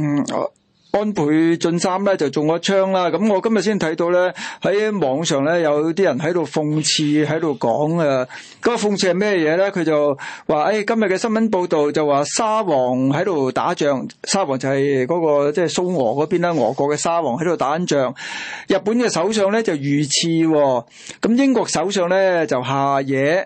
Speaker 1: 安倍晉三咧就中咗槍啦，咁我今日先睇到咧喺網上咧有啲人喺度諷刺喺度講啊，嗰、那個諷刺係咩嘢咧？佢就話誒、哎、今日嘅新聞報導就話沙皇喺度打仗，沙皇就係嗰、那個即係、就是、蘇俄嗰邊啦，俄國嘅沙皇喺度打緊仗，日本嘅首相咧就遇刺、哦，咁英國首相咧就下野。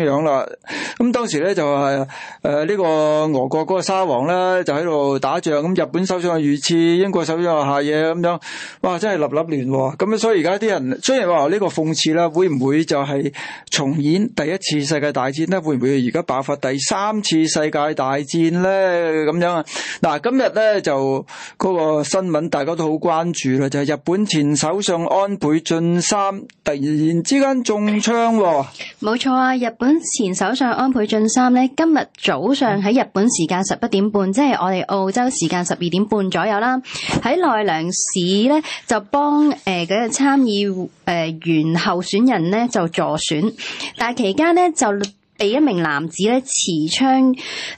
Speaker 1: 咁樣啦，咁當時咧，就係誒呢個俄國嗰個沙皇咧，就喺度打仗，咁日本首相又遇刺，英國首相下野。咁樣，哇真係立立亂喎，咁所以而家啲人雖然話呢個諷刺啦，會唔會就係重演第一次世界大戰咧？會唔會而家爆發第三次世界大戰咧？咁樣啊？嗱今日咧，就嗰個新聞大家都好關注啦，就係日本前首相安倍晉三突然之間中槍，冇
Speaker 2: 錯啊，日本。前首相安倍晉三呢，今日早上喺日本時間十一點半，即係我哋澳洲時間十二點半左右啦。喺奈良市呢，就幫誒嗰個參議誒員、呃、候選人呢，就助選，但係期間呢，就。被一名男子咧持槍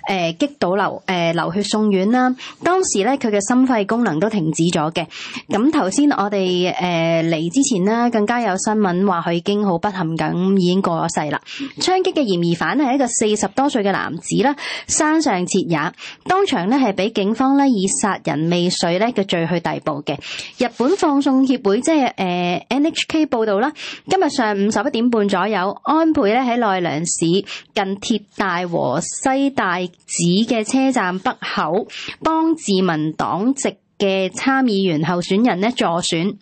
Speaker 2: 誒擊倒流誒、呃、流血送院啦。當時咧佢嘅心肺功能都停止咗嘅。咁頭先我哋誒嚟之前啦，更加有新聞話佢已經好不幸咁已經過咗世啦。槍擊嘅嫌疑犯係一個四十多歲嘅男子啦，山上徹也。當場呢，係俾警方咧以殺人未遂咧嘅罪去逮捕嘅。日本放送協會即係、呃、NHK 報道啦，今日上午十一點半左右，安倍咧喺奈良市。近鐵大和西大寺嘅車站北口，幫自民黨籍嘅參議員候選人呢助選。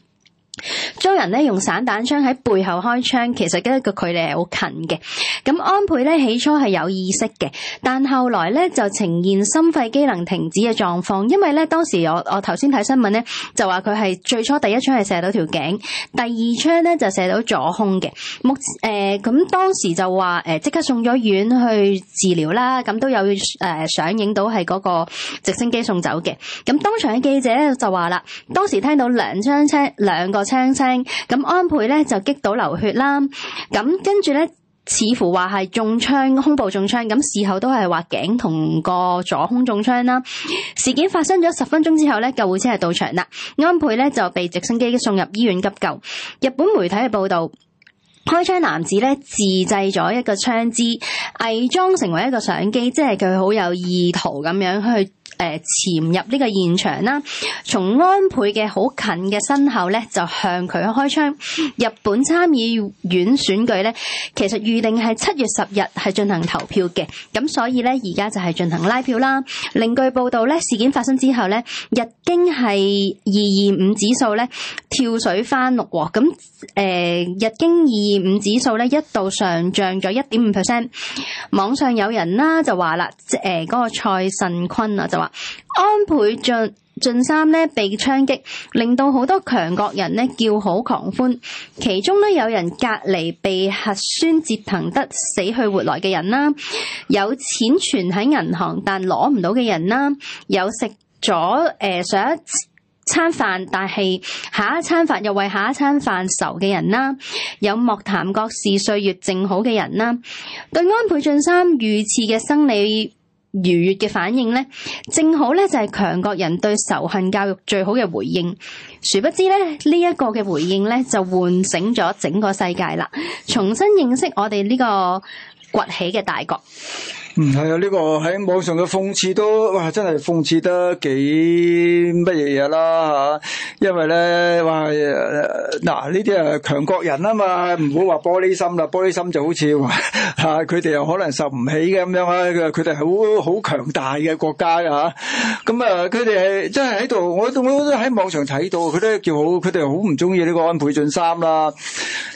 Speaker 2: 遭人呢用散彈槍喺背後開槍，其實嗰個距離係好近嘅。咁安倍呢起初係有意識嘅，但後來呢就呈現心肺機能停止嘅狀況。因為呢，當時我我頭先睇新聞呢，就話佢係最初第一槍係射到條頸，第二槍呢就射到左胸嘅。目誒咁、呃、當時就話誒即刻送咗院去治療啦。咁都有誒、呃、上映到係嗰個直升機送走嘅。咁當場嘅記者呢就話啦，當時聽到兩槍槍兩個。青青咁，安倍呢就擊倒流血啦。咁跟住呢似乎話係中槍，胸部中槍。咁事後都係話頸同個左胸中槍啦。事件發生咗十分鐘之後呢救護車係到場啦。安倍呢就被直升機送入醫院急救。日本媒體嘅報道，開槍男子呢自製咗一個槍支，偽裝成為一個相機，即係佢好有意圖咁樣去。誒，潛入呢個現場啦，從安倍嘅好近嘅身後咧，就向佢開槍。日本參議院選舉咧，其實預定係七月十日係進行投票嘅，咁所以咧而家就係進行拉票啦。另據報道咧，事件發生之後咧，日經係二二五指數咧跳水翻六、哦，咁誒、呃，日經二二五指數咧一度上漲咗一點五 percent。網上有人啦就話啦，即係誒嗰個蔡慎坤啊就話。安倍晉晉三呢被槍擊，令到好多強國人呢叫好狂歡。其中呢有人隔離被核酸折騰得死去活來嘅人啦，有錢存喺銀行但攞唔到嘅人啦，有食咗誒上一餐飯但係下一餐飯又為下一餐飯愁嘅人啦，有莫談國事歲月靜好嘅人啦。對安倍晉三遇刺嘅生理。愉悅嘅反應呢，正好呢，就係強國人對仇恨教育最好嘅回應。殊不知呢，呢一個嘅回應呢，就喚醒咗整個世界啦，重新認識我哋呢個崛起嘅大國。
Speaker 1: 嗯，係啊，呢個喺網上嘅諷刺都哇，真係諷刺得幾乜嘢嘢啦吓！因為咧，話誒嗱呢啲啊強國人啊嘛，唔好話玻璃心啦，玻璃心就好似吓佢哋又可能受唔起嘅咁樣啊！佢哋好好強大嘅國家啊！咁啊，佢哋係真係喺度，我我都喺網上睇到，佢都叫好，佢哋好唔中意呢個安倍晉三啦。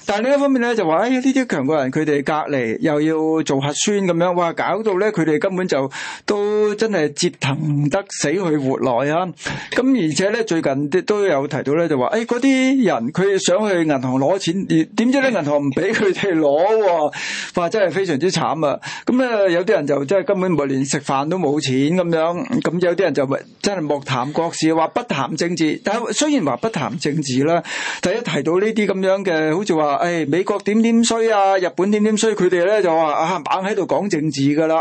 Speaker 1: 但係另一方面咧，就話誒呢啲強國人佢哋隔籬又要做核酸咁樣，哇搞到～咧佢哋根本就都真係折騰得死去活來啊！咁而且咧最近都都有提到咧，就話誒啲人佢想去銀行攞錢，點點知咧銀行唔俾佢哋攞，話、啊、真係非常之慘啊！咁、啊、咧有啲人就真係根本唔係連食飯都冇錢咁樣，咁、啊、有啲人就真係莫談國事，話不談政治。但係雖然話不談政治啦，但一提到呢啲咁樣嘅，好似話誒美國點點衰啊，日本點點衰，佢哋咧就話啊猛喺度講政治噶啦。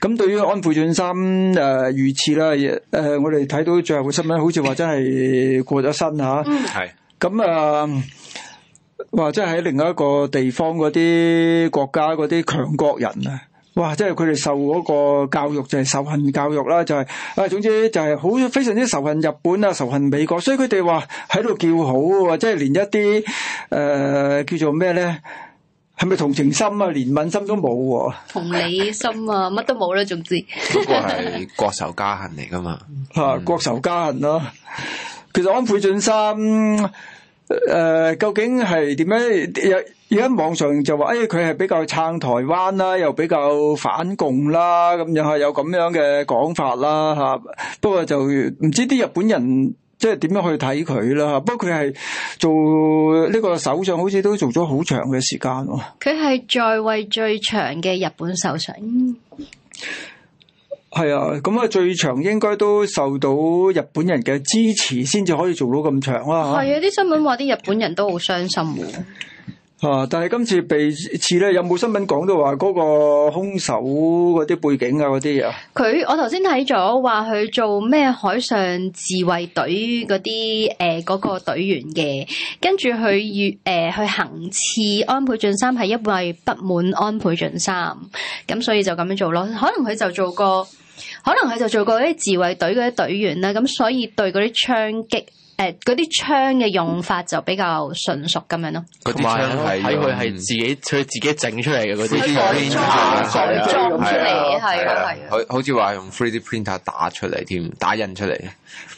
Speaker 1: 咁對於安倍晉三誒遇刺啦，誒、呃呃、我哋睇到最後嘅新聞，好似話真係過咗身吓。係咁啊、 呃，哇！即係喺另一個地方嗰啲國家嗰啲強國人啊，哇！即係佢哋受嗰個教育就係仇恨教育啦，就係、是、啊，總之就係好非常之仇恨日本啊，仇恨美國，所以佢哋話喺度叫好，即係連一啲誒、呃、叫做咩咧？係咪同情心啊？憐憫心都冇，啊、
Speaker 2: 同理心啊，乜都冇啦、啊，總之。不過係
Speaker 6: 國仇家恨嚟噶嘛，
Speaker 1: 吓，國仇家恨咯。其實安倍晉三誒、呃，究竟係點樣？而而家網上就話，誒、哎，佢係比較撐台灣啦，又比較反共啦，咁又係有咁樣嘅講法啦，吓、啊。不過就唔知啲日本人。即係點樣去睇佢啦？不過佢係做呢個首相，好似都做咗好長嘅時間啊。
Speaker 2: 佢係在位最長嘅日本首相。
Speaker 1: 係啊，咁 啊，最長應該都受到日本人嘅支持，先至可以做到咁長啊。
Speaker 2: 係啊，啲新聞話啲日本人都好傷心。
Speaker 1: 啊！但係今次被刺咧，有冇新聞講到話嗰個兇手嗰啲背景啊？嗰啲啊？
Speaker 2: 佢我頭先睇咗話佢做咩海上自衛隊嗰啲誒，嗰個隊員嘅，跟住佢越，誒去行刺安倍晉三係因為不滿安倍晉三，咁所以就咁樣做咯。可能佢就做過，可能佢就做過啲自衛隊嗰啲隊員咧，咁所以對嗰啲槍擊。誒，嗰啲槍嘅用法就比較純熟咁樣咯。嗰
Speaker 5: 啲槍係睇佢係自己，佢自己整出嚟嘅，嗰啲出嚟嘅
Speaker 6: 係啊係啊。好似話用 three D printer 打出嚟添，打印出嚟。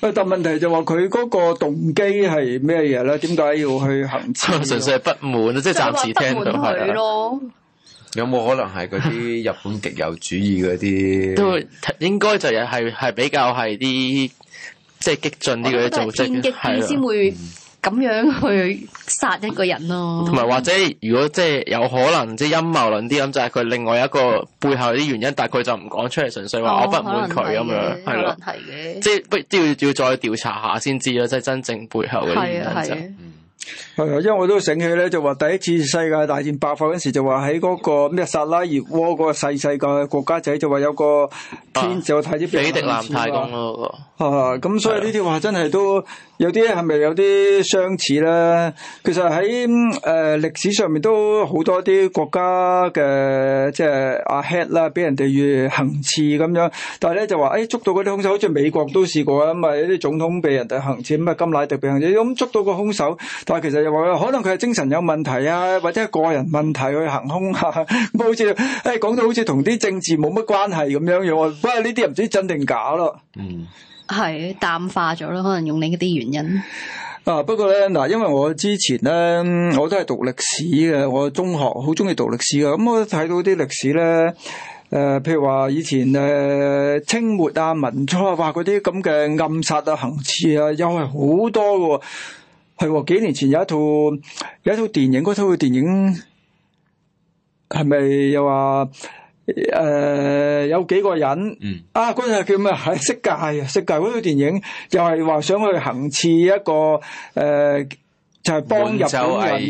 Speaker 6: 喂，但問題就話
Speaker 1: 佢嗰個動機係咩嘢咧？點解要去
Speaker 6: 行？純粹係不滿啊！即係暫時聽到係
Speaker 5: 啦。
Speaker 6: 有冇可能係嗰啲
Speaker 5: 日本極右主義嗰啲？都應該就係係比較係啲。即係激進啲嘅組織，先
Speaker 2: 會咁樣去殺一個人咯、啊。同
Speaker 5: 埋、嗯、或者如果即係有可能即係陰謀論啲咁，就係、是、佢另外一個背後啲原因，但係佢就唔講出嚟，純粹話我不滿佢咁樣，係咯，的即係都要要再調查下先知咯，嗯、即係真正背後嘅原因係，啊，
Speaker 1: 因為我都醒起咧，就話第一次世界大戰爆發嗰陣時，就話喺嗰個咩薩拉熱窩嗰個細細個國家仔，就話有個天朝太子斐迪南咁啊！咁、
Speaker 5: 那
Speaker 1: 個啊、所以呢啲話真係都。有啲係咪有啲相似咧？其實喺誒、呃、歷史上面都好多啲國家嘅即係阿 head 啦，俾人哋越行刺咁樣。但係咧就話誒、哎、捉到嗰啲兇手，好似美國都試過啊，咪啲總統俾人哋行刺，乜甘乃迪俾行刺，咁捉到個兇手，但係其實又話可能佢係精神有問題啊，或者係個人問題去行兇嚇、啊，唔 好似誒講到好似同啲政治冇乜關係咁樣樣。不過呢啲唔知真定假咯。嗯。
Speaker 2: 係淡化咗咯，可能用你嗰啲原因。
Speaker 1: 啊，不過咧嗱，因為我之前咧我都係讀歷史嘅，我中學好中意讀歷史噶，咁、嗯、我睇到啲歷史咧，誒、呃，譬如話以前誒、呃、清末啊、民初啊，嗰啲咁嘅暗殺啊、行刺啊，又係好多嘅、啊，係喎、啊。幾年前有一套有一套電影，嗰套電影係咪又話？誒，有幾個人？嗯，啊嗰陣叫咩？係色戒啊，色戒嗰套電影又係話想去行刺一個誒，就係幫日本人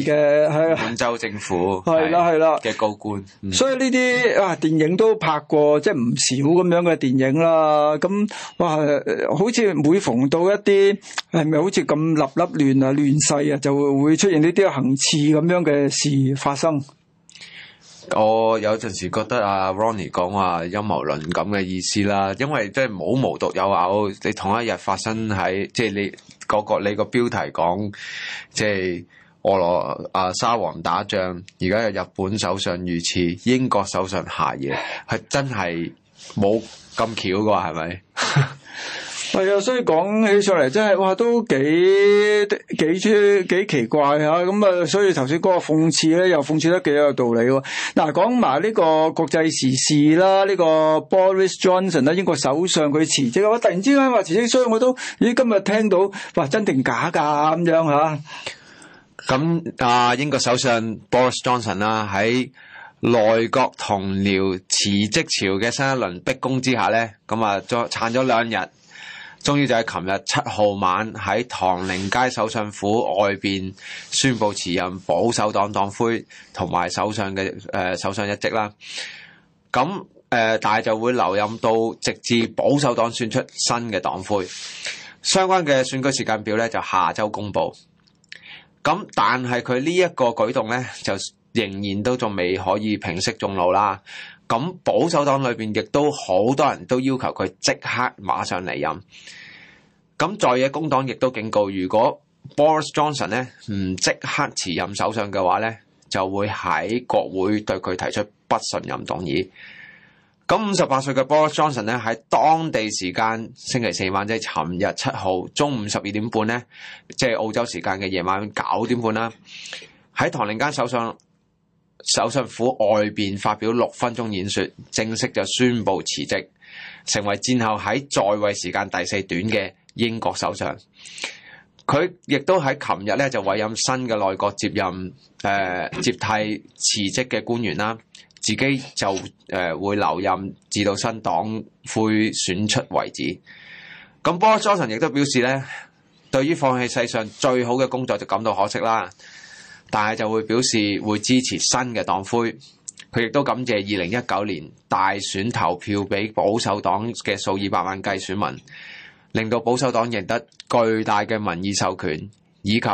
Speaker 1: 嘅，
Speaker 6: 係啊，滿洲政府係啦係啦嘅高官。所以呢啲
Speaker 1: 啊，電影都拍過，即係唔少咁樣嘅電影啦。咁哇，好似每逢到一啲係咪好似咁立立亂啊亂世啊，就會會出現呢啲行刺咁樣嘅事發生。
Speaker 6: 我有陣時覺得啊 Ronnie 講話陰謀論咁嘅意思啦，因為即係冇，無獨有偶，你同一日發生喺即係你個個你個標題講，即係俄羅啊沙皇打仗，而家又日本首相遇刺，英國首相下野，係真係冇咁巧嘅係咪？
Speaker 1: 係啊、嗯，所以講起上嚟真係，哇，都幾幾出幾奇怪吓，咁啊，所以頭先嗰個諷刺咧，又諷刺得幾有道理嘅。嗱、啊，講埋呢個國際時事啦，呢、這個 Boris Johnson 啦，英國首相佢辭職嘅話，我突然之間話辭職，
Speaker 6: 所以我都咦今日聽到，哇，真定假噶咁樣吓？咁啊、嗯、啊，英國首相 Boris Johnson 啦、啊，喺內閣同僚辭職潮嘅新一輪逼宮之下咧，咁、嗯、啊，再撐咗兩日。終於就喺琴日七號晚，喺唐寧街首相府外邊，宣布辭任保守黨黨魁同埋首相嘅誒、呃、首相一職啦。咁誒、呃，但係就會留任到直至保守黨選出新嘅黨魁，相關嘅選舉時間表咧就下周公佈。咁但係佢呢一個舉動咧，就仍然都仲未可以平息眾怒啦。咁保守黨裏邊亦都好多人都要求佢即刻馬上離任。咁在野工黨亦都警告，如果 Boris Johnson 咧唔即刻辭任首相嘅話咧，就會喺國會對佢提出不信任動議。咁五十八歲嘅 Boris Johnson 咧喺當地時間星期四晚，即係尋日七號中午十二點半咧，即係澳洲時間嘅夜晚九點半啦，喺唐寧街首相。首相府外邊發表六分鐘演說，正式就宣布辭職，成為戰後喺在，在位時間第四短嘅英國首相。佢亦都喺琴日咧就委任新嘅內閣接任，誒、呃、接替辭職嘅官員啦，自己就誒、呃、會留任至到新黨會選出為止。咁約翰遜亦都表示咧，對於放棄世上最好嘅工作就感到可惜啦。但係就會表示會支持新嘅黨魁，佢亦都感謝二零一九年大選投票俾保守黨嘅數以百萬計選民，令到保守黨贏得巨大嘅民意授權，以及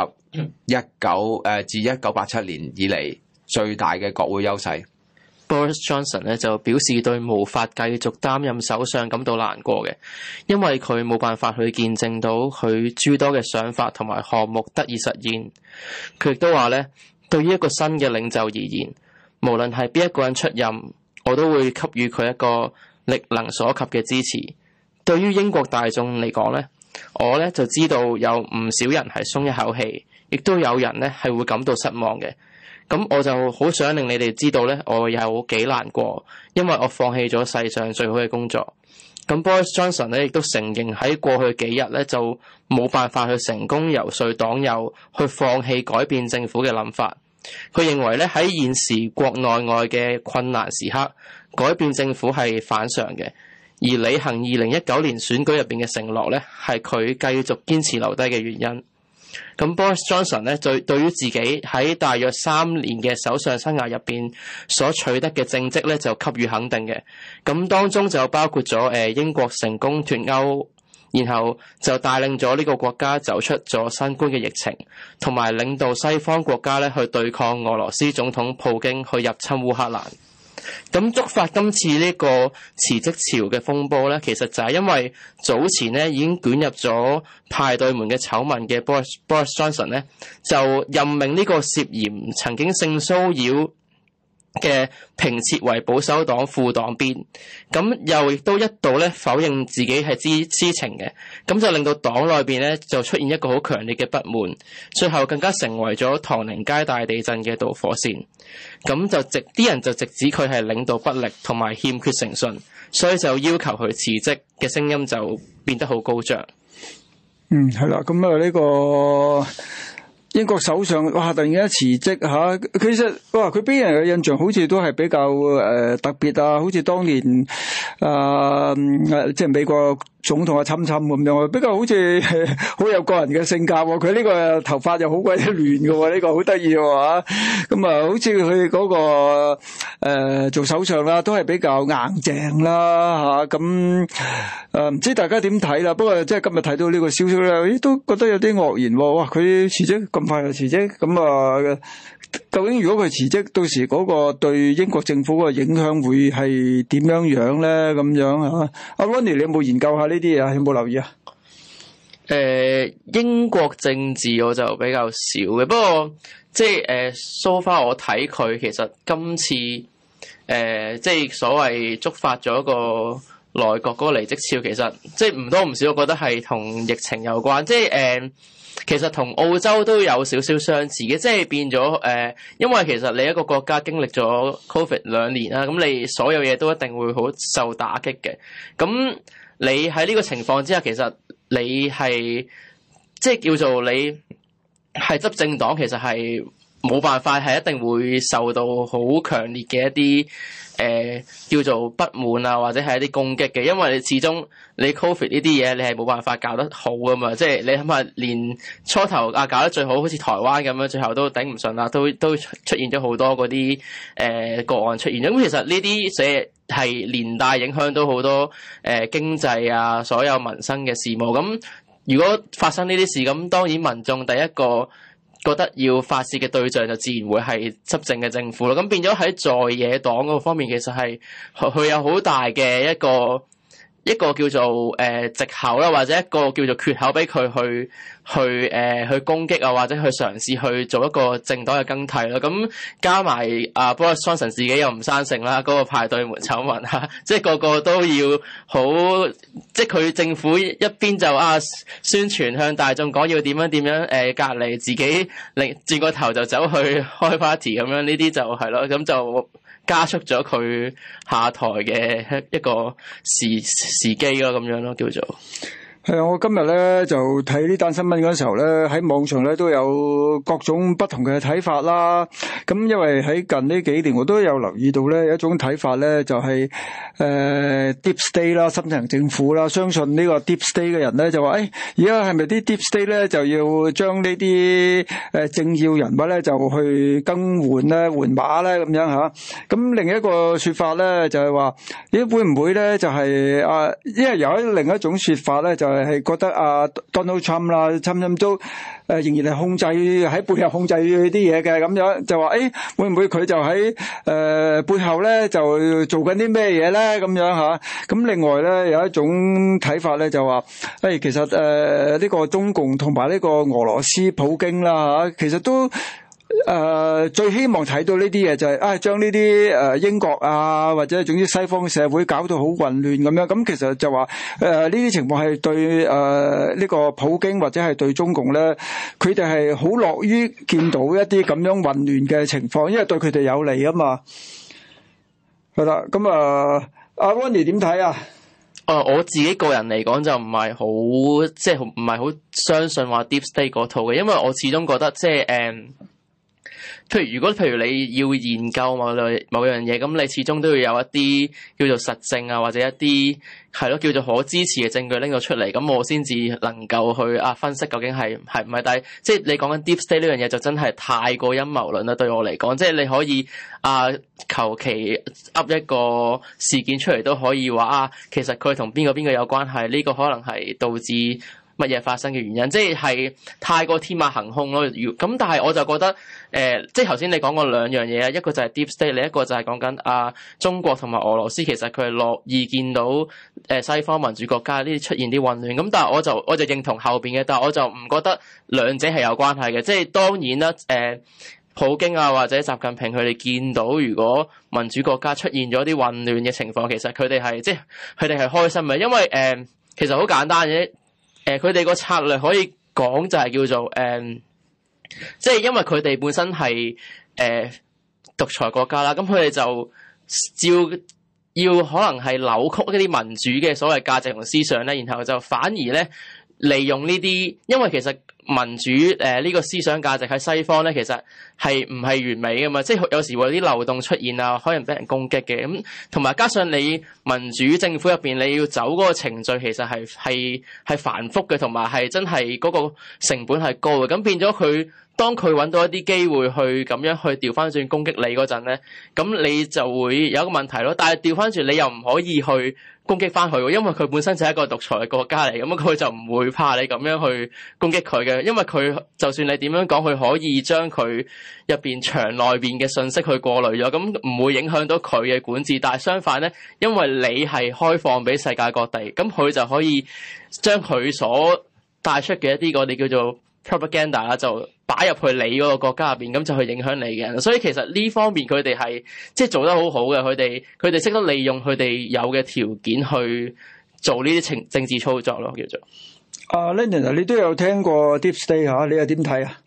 Speaker 6: 一九
Speaker 5: 誒、自一九八七年以嚟最大嘅國會優勢。Boris Johnson 咧，就表示對無法繼續擔任首相感到難過嘅，因為佢冇辦法去見證到佢諸多嘅想法同埋項目得以實現。佢亦都話咧，對於一個新嘅領袖而言，無論係邊一個人出任，我都會給予佢一個力能所及嘅支持。對於英國大眾嚟講咧，我咧就知道有唔少人係鬆一口氣，亦都有人咧係會感到失望嘅。咁我就好想令你哋知道咧，我有幾難過，因為我放棄咗世上最好嘅工作。咁 Boris Johnson 咧亦都承認喺過去幾日咧就冇辦法去成功遊說黨友去放棄改變政府嘅諗法。佢認為咧喺現時國內外嘅困難時刻，改變政府係反常嘅，而履行二零一九年選舉入邊嘅承諾咧係佢繼續堅持留低嘅原因。咁 Boris Johnson 咧，對、對於自己喺大約三年嘅首相生涯入邊所取得嘅政績咧，就給予肯定嘅。咁當中就包括咗誒英國成功脫歐，然後就帶領咗呢個國家走出咗新冠嘅疫情，同埋領導西方國家咧去對抗俄羅斯總統普京去入侵烏克蘭。咁觸發今次呢個辭職潮嘅風波咧，其實就係因為早前咧已經捲入咗派對門嘅醜聞嘅 Boris Boris Johnson 咧，就任命呢個涉嫌曾經性騷擾。嘅平撤為保守黨副黨鞭，咁又亦都一度咧否認自己係知知情嘅，咁就令到黨內面咧就出現一個好強烈嘅不滿，最後更加成為咗唐寧街大地震嘅導火線，咁就直啲人就直指佢係領導不力同埋欠缺誠信，所以就要求佢辭職嘅聲音就變得好高漲。
Speaker 1: 嗯，係啦，咁啊呢個。英國首相哇突然間辭職嚇、啊，其實哇佢畀人嘅印象好似都係比較誒、呃、特別啊，好似當年啊、呃、即係美國。總統啊，沉沉咁樣，比較好似 好有個人嘅性格。佢呢個頭髮又好鬼啲亂嘅，呢、這個好得意啊！咁、嗯、啊，好似佢嗰個誒、呃、做首相啦，都係比較硬淨啦吓。咁、啊、誒，唔、嗯、知大家點睇啦？不過即係今日睇到呢個消息咧，咦都覺得有啲愕然哇！佢辭職咁快就辭職，咁、嗯、啊，究竟如果佢辭職，到時嗰個對英國政府個影響會係點樣呢樣咧？咁樣啊，阿 Ronny，你有冇研究下呢？呢啲嘢有冇留意啊？誒、uh,
Speaker 5: 英國政治我就比較少嘅，不過即係誒 so far，uh, so、我睇佢其實今次誒、uh, 即係所謂觸發咗個內閣嗰個離職潮，其實即係唔多唔少，我覺得係同疫情有關。即係誒，uh, 其實同澳洲都有少少相似嘅，即係變咗誒，uh, 因為其實你一個國家經歷咗 Covid 兩年啦，咁你所有嘢都一定會好受打擊嘅，咁。你喺呢個情況之下，其實你係即係叫做你係執政黨，其實係冇辦法，係一定會受到好強烈嘅一啲誒、呃、叫做不滿啊，或者係一啲攻擊嘅。因為你始終你 Covid 呢啲嘢，你係冇辦法搞得好㗎嘛。即係你諗下，連初頭啊搞得最好，好似台灣咁樣，最後都頂唔順啦，都都出現咗好多嗰啲誒個案出現咗。咁其實呢啲寫係連帶影響到好多誒、呃、經濟啊，所有民生嘅事務。咁如果發生呢啲事，咁當然民眾第一個覺得要發洩嘅對象就自然會係執政嘅政府啦。咁變咗喺在野黨嗰個方面，其實係佢有好大嘅一個。一個叫做誒、呃、藉口啦，或者一個叫做缺口俾佢去去誒、呃、去攻擊啊，或者去嘗試去做一個正黨嘅更替啦。咁、啊、加埋阿 b u s o n 自己又唔生性啦，嗰、那個派對門醜聞嚇、啊，即係個個都要好，即係佢政府一邊就啊宣傳向大眾講要點樣點樣誒、啊、隔離，自己另轉個頭就走去開 party 咁樣，呢啲就係、是、咯，咁、啊、就。加速咗佢下台嘅一個時時機咯，咁樣咯，叫做。係啊、嗯，我
Speaker 1: 今日咧就睇呢單新聞嗰時候咧，喺網上咧都有各種不同嘅睇法啦。咁因為喺近呢幾年，我都有留意到咧一種睇法咧，就係、是、誒、呃、deep state 啦，深層政府啦。相信呢個 deep state 嘅人咧就話：，誒、哎，而家係咪啲 deep state 咧就要將呢啲誒政要人物咧就去更換咧、換馬咧咁樣吓？咁、啊、另一個說法咧就係、是、話：，咦，會唔會咧就係、是、啊？因為有另一種說法咧就是。係係覺得啊，Donald Trump 啦，Trump 咁都誒，仍然係控制喺背後控制啲嘢嘅咁樣，就話誒，會唔會佢就喺誒背後咧就做緊啲咩嘢咧咁樣嚇？咁另外咧有一種睇法咧就話誒，其實誒呢個中共同埋呢個俄羅斯普京啦嚇，其實都。誒、呃，最希望睇到呢啲嘢就係、是，啊，將呢啲誒英國啊，或者總之西方社會搞到好混亂咁樣，咁、嗯、其實就話，誒呢啲情況係對誒呢、呃這個普京或者係對中共咧，佢哋係好樂於見到一啲咁樣混亂嘅情況，因為對佢哋有利啊嘛。係啦，咁、嗯呃、啊，阿 Winnie 點睇啊？
Speaker 5: 誒，我自己個人嚟講就唔係好，即係唔係好相信話 Deep State 嗰套嘅，因為我始終覺得即係誒。就是嗯譬如如果譬如你要研究某類某樣嘢，咁你始終都要有一啲叫做實證啊，或者一啲係咯叫做可支持嘅證據拎到出嚟，咁我先至能夠去啊分析究竟係係唔係。但係即係你講緊 deep state 呢樣嘢就真係太過陰謀論啦，對我嚟講，即係你可以啊求其噏一個事件出嚟都可以話啊，其實佢同邊個邊個有關係？呢個可能係導致，乜嘢發生嘅原因，即係係太過天馬行空咯。如咁，但係我就覺得，誒、呃，即係頭先你講過兩樣嘢啦，一個就係 deep state，另一個就係講緊啊中國同埋俄羅斯，其實佢係樂意見到誒西方民主國家呢啲出現啲混亂。咁但係我就我就認同後邊嘅，但係我就唔覺得兩者係有關係嘅。即係當然啦，誒、呃，普京啊或者習近平佢哋見到如果民主國家出現咗啲混亂嘅情況，其實佢哋係即係佢哋係開心嘅，因為誒、呃、其實好簡單嘅。誒佢哋個策略可以講就係叫做誒、呃、即係因為佢哋本身係誒獨裁國家啦，咁佢哋就照要可能係扭曲一啲民主嘅所謂價值同思想咧，然後就反而咧利用呢啲，因為其實。民主誒呢個思想價值喺西方咧，其實係唔係完美㗎嘛？即係有時會有啲漏洞出現啊，可能俾人攻擊嘅咁。同埋加上你民主政府入邊，你要走嗰個程序，其實係係係繁複嘅，同埋係真係嗰個成本係高嘅。咁變咗佢，當佢搵到一啲機會去咁樣去調返轉攻擊你嗰陣咧，咁你就會有一個問題咯。但係調返轉你又唔可以去。攻擊翻佢喎，因為佢本身就一個獨裁嘅國家嚟，咁佢就唔會怕你咁樣去攻擊佢嘅，因為佢就算你點樣講，佢可以將佢入邊牆內邊嘅信息去過濾咗，咁唔會影響到佢嘅管治。但係相反呢，因為你係開放俾世界各地，咁佢就可以將佢所帶出嘅一啲嗰啲叫做 propaganda 就。擺入去你嗰個國家入邊，咁就去影響你嘅。所以其實呢方面佢哋係即係做得好好嘅，佢哋佢哋識得利用佢哋有嘅條件去做呢啲政政治操作咯，叫做。
Speaker 1: 啊、uh, Lincoln 啊，你都有聽過 deep state 嚇？你又點睇啊？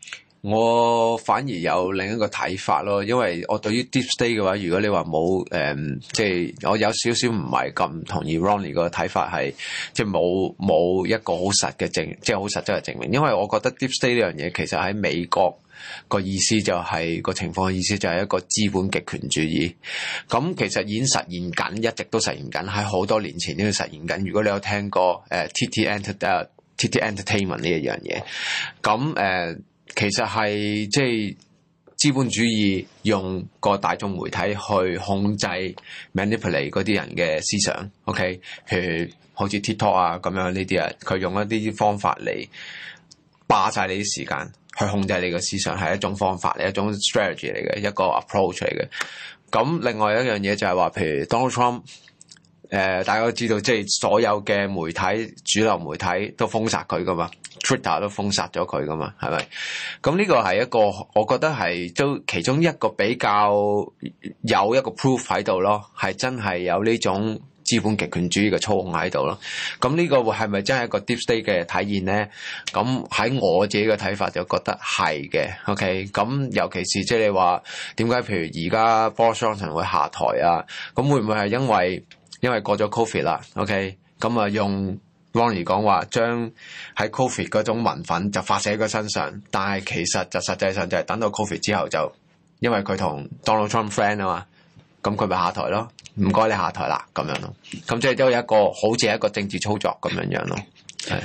Speaker 5: 我反而有
Speaker 6: 另一個睇法咯，因為我對於 deep state 嘅話，如果你話冇誒，即係我有少少唔係咁同意 Ronnie 個睇法，係即係冇冇一個好實嘅證，即係好實質嘅證明。因為我覺得 deep state 呢樣嘢其實喺美國個意思就係、是、個情況嘅意思就係一個資本極權主義。咁、嗯、其實已經實現緊，一直都實現緊，喺好多年前已經實現緊。如果你有聽過誒、呃、T T Ent 誒 T T Entertainment 呢一樣嘢，咁誒。嗯呃其實係即係資本主義用個大眾媒體去控制 manipulate 嗰啲人嘅思想，OK？譬如好似 TikTok 啊咁樣呢啲啊，佢用一啲方法嚟霸晒你啲時間，去控制你嘅思想係一種方法嚟，一種 strategy 嚟嘅，一個 approach 嚟嘅。咁另外一樣嘢就係話，譬如 Donald Trump。誒、呃，大家知道，即係所有嘅媒體主流媒體都封殺佢噶嘛，Twitter 都封殺咗佢噶嘛，係咪？咁、嗯、呢、這個係一個，我覺得係都其中一個比較有一個 proof 喺度咯，係真係有呢種資本極權主義嘅操控喺度咯。咁、嗯、呢、這個會係咪真係一個 deep state 嘅體現咧？咁、嗯、喺我自己嘅睇法就覺得係嘅。OK，咁、嗯、尤其是即係你話點解，譬如而家波桑臣會下台啊？咁、嗯、會唔會係因為？因為過咗 Covid 啦，OK，咁啊用 Ronnie 講話，將喺 Covid 嗰種文粉就發射喺佢身上，但係其實就實際上就係等到 Covid 之後就，因為佢同 Donald Trump friend 啊嘛，咁佢咪下台咯，唔該你下台啦咁樣咯，咁即係都有一個好似一個政治操作咁樣樣咯，係。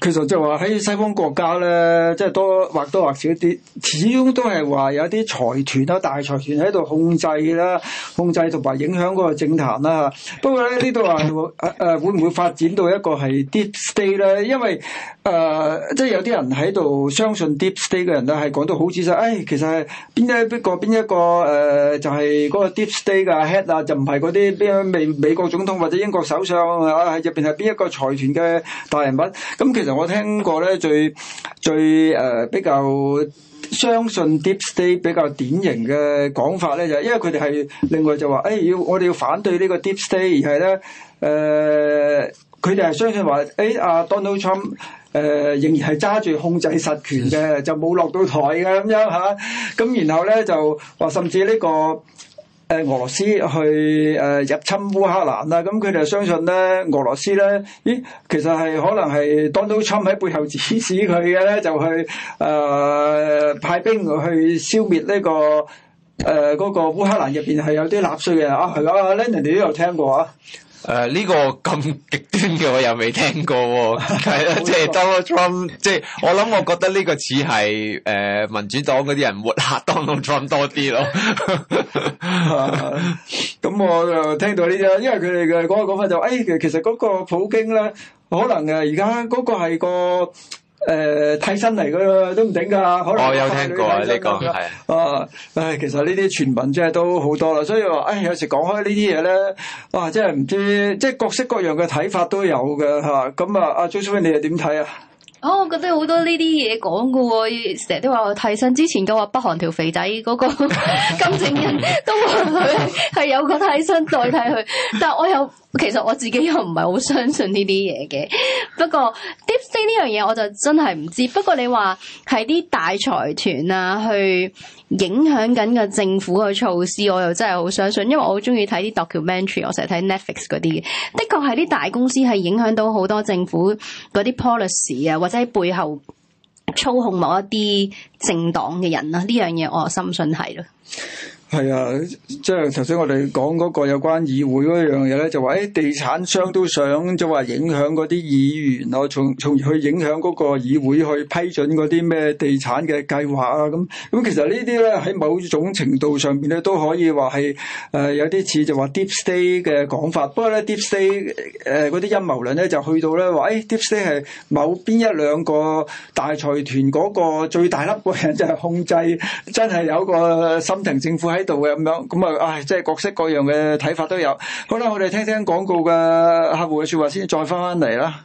Speaker 1: 其實就話喺西方國家咧，即係多或多或少啲，始終都係話有啲財團啦、大財團喺度控制啦、控制同埋影響嗰個政壇啦。不過咧呢度係誒會唔會發展到一個係 deep state 咧？因為誒，即、呃、係、就是、有啲人喺度相信 deep state 嘅人咧，係講到好仔細。誒、哎，其實邊一邊個邊一個誒、呃，就係、是、嗰個 deep state 嘅 head 啊，就唔係嗰啲邊美美國總統或者英國首相啊，入邊係邊一個財團嘅大人物。咁、嗯、其我聽過咧，最最誒、呃、比較相信 deep state 比較典型嘅講法咧，就係、因為佢哋係另外就話，誒、哎、要我哋要反對呢個 deep state，而係咧誒佢哋係相信話，誒、哎、阿、啊、Donald Trump 誒、呃、仍然係揸住控制實權嘅，就冇落到台嘅咁樣嚇，咁、啊、然後咧就話甚至呢、呢個。誒、呃啊，俄羅斯去誒入侵烏克蘭啦，咁佢哋相信咧，俄羅斯咧，咦，其實係可能係 Donald Trump 喺背後指使佢嘅咧，就去誒、呃、派兵去消滅呢、這個誒、呃那個烏克蘭入邊係有啲納粹嘅啊，係啦 Lennon 你都有
Speaker 6: 聽過啊。誒，呢、uh, 個咁極端嘅我又未聽過，係啦，即係 Donald Trump，即係 我諗，我覺得呢個似係誒民主黨嗰啲人抹黑 Donald Trump 多啲咯。
Speaker 1: 咁、uh, 我就聽到呢啲，因為佢哋嘅講法講法就，誒、哎，其實嗰個普京咧，可能誒而家嗰個係個。誒、呃，替身嚟嘅都唔頂噶，可能、哦。我有聽過你啊，呢個係啊，誒，其實呢啲傳聞即係都好多啦，所以話，誒、哎，有時講開呢啲嘢咧，哇、啊，真係唔知，即係各式各樣嘅睇法都有嘅吓，咁啊，阿 Josephine 你又點睇啊？哦、啊，
Speaker 2: 我覺得好多呢啲嘢講嘅，成日都話我替身之前嘅話，北韓條肥仔嗰個金正恩 都話佢係有個替身代替佢，但係我又。其實我自己又唔係好相信呢啲嘢嘅，不過 deep state 呢樣嘢我就真係唔知。不過你話喺啲大財團啊，去影響緊個政府嘅措施，我又真係好相信，因為我好中意睇啲 documentary，我成日睇 Netflix 嗰啲嘅，的確係啲大公司係影響到好多政府嗰啲 policy 啊，或者喺背後操控某一啲政黨嘅人啦、啊，呢樣嘢我深信係咯。
Speaker 1: 係啊，即係頭先我哋講個有關議會樣嘢咧，就話誒、哎、地產商都想就話影響啲議員啊，從從而去影響個議會去批准啲咩地產嘅計劃啊咁。咁其實呢啲咧喺某種程度上邊咧都可以話係誒有啲似就話 deep state 嘅講法。不過咧 deep state 誒啲陰謀論咧就去到咧話誒 deep state 係某邊一兩個大財團個最大粒個人就係控制，真係有個深層政府喺喺度嘅咁樣，咁啊，唉， 即係各式各樣嘅睇法都有。好啦，我哋聽聽廣告嘅客戶嘅説話先，再翻翻嚟啦。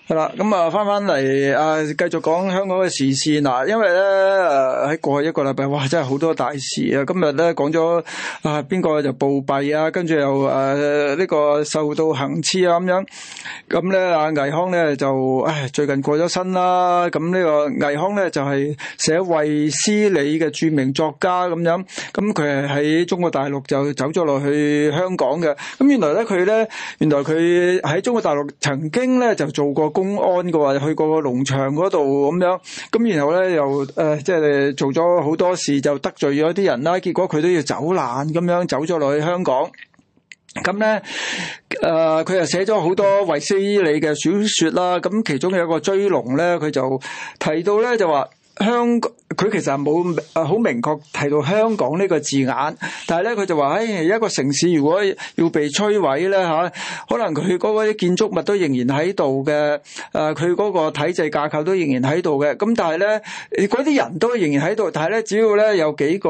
Speaker 1: 係啦，咁啊，翻翻嚟啊，繼續講香港嘅時事嗱。因為咧，喺過去一個禮拜，哇，真係好多大事啊！今日咧講咗啊，邊個就暴斃啊，跟住又誒呢個受到行刺啊，咁樣。咁咧啊，倪匡咧就唉最近過咗身啦。咁呢個倪匡咧就係寫衛斯理嘅著名作家咁樣。咁佢係喺中國大陸就走咗落去香港嘅。咁原來咧佢咧，原來佢喺中國大陸曾經咧就做過工。公安嘅話去過個農場嗰度咁樣，咁然後咧又誒，即、呃、係、就是、做咗好多事，就得罪咗啲人啦。結果佢都要走難咁樣，走咗落去香港。咁咧誒，佢、呃、又寫咗好多衛斯理嘅小說啦。咁其中有一個追龍咧，佢就提到咧就話。香港佢其實冇好明確提到香港呢個字眼，但係咧佢就話喺、哎、一個城市，如果要被摧毀咧嚇，可能佢嗰個啲建築物都仍然喺度嘅，誒佢嗰個體制架構都仍然喺度嘅，咁但係咧嗰啲人都仍然喺度，但係咧只要咧有幾個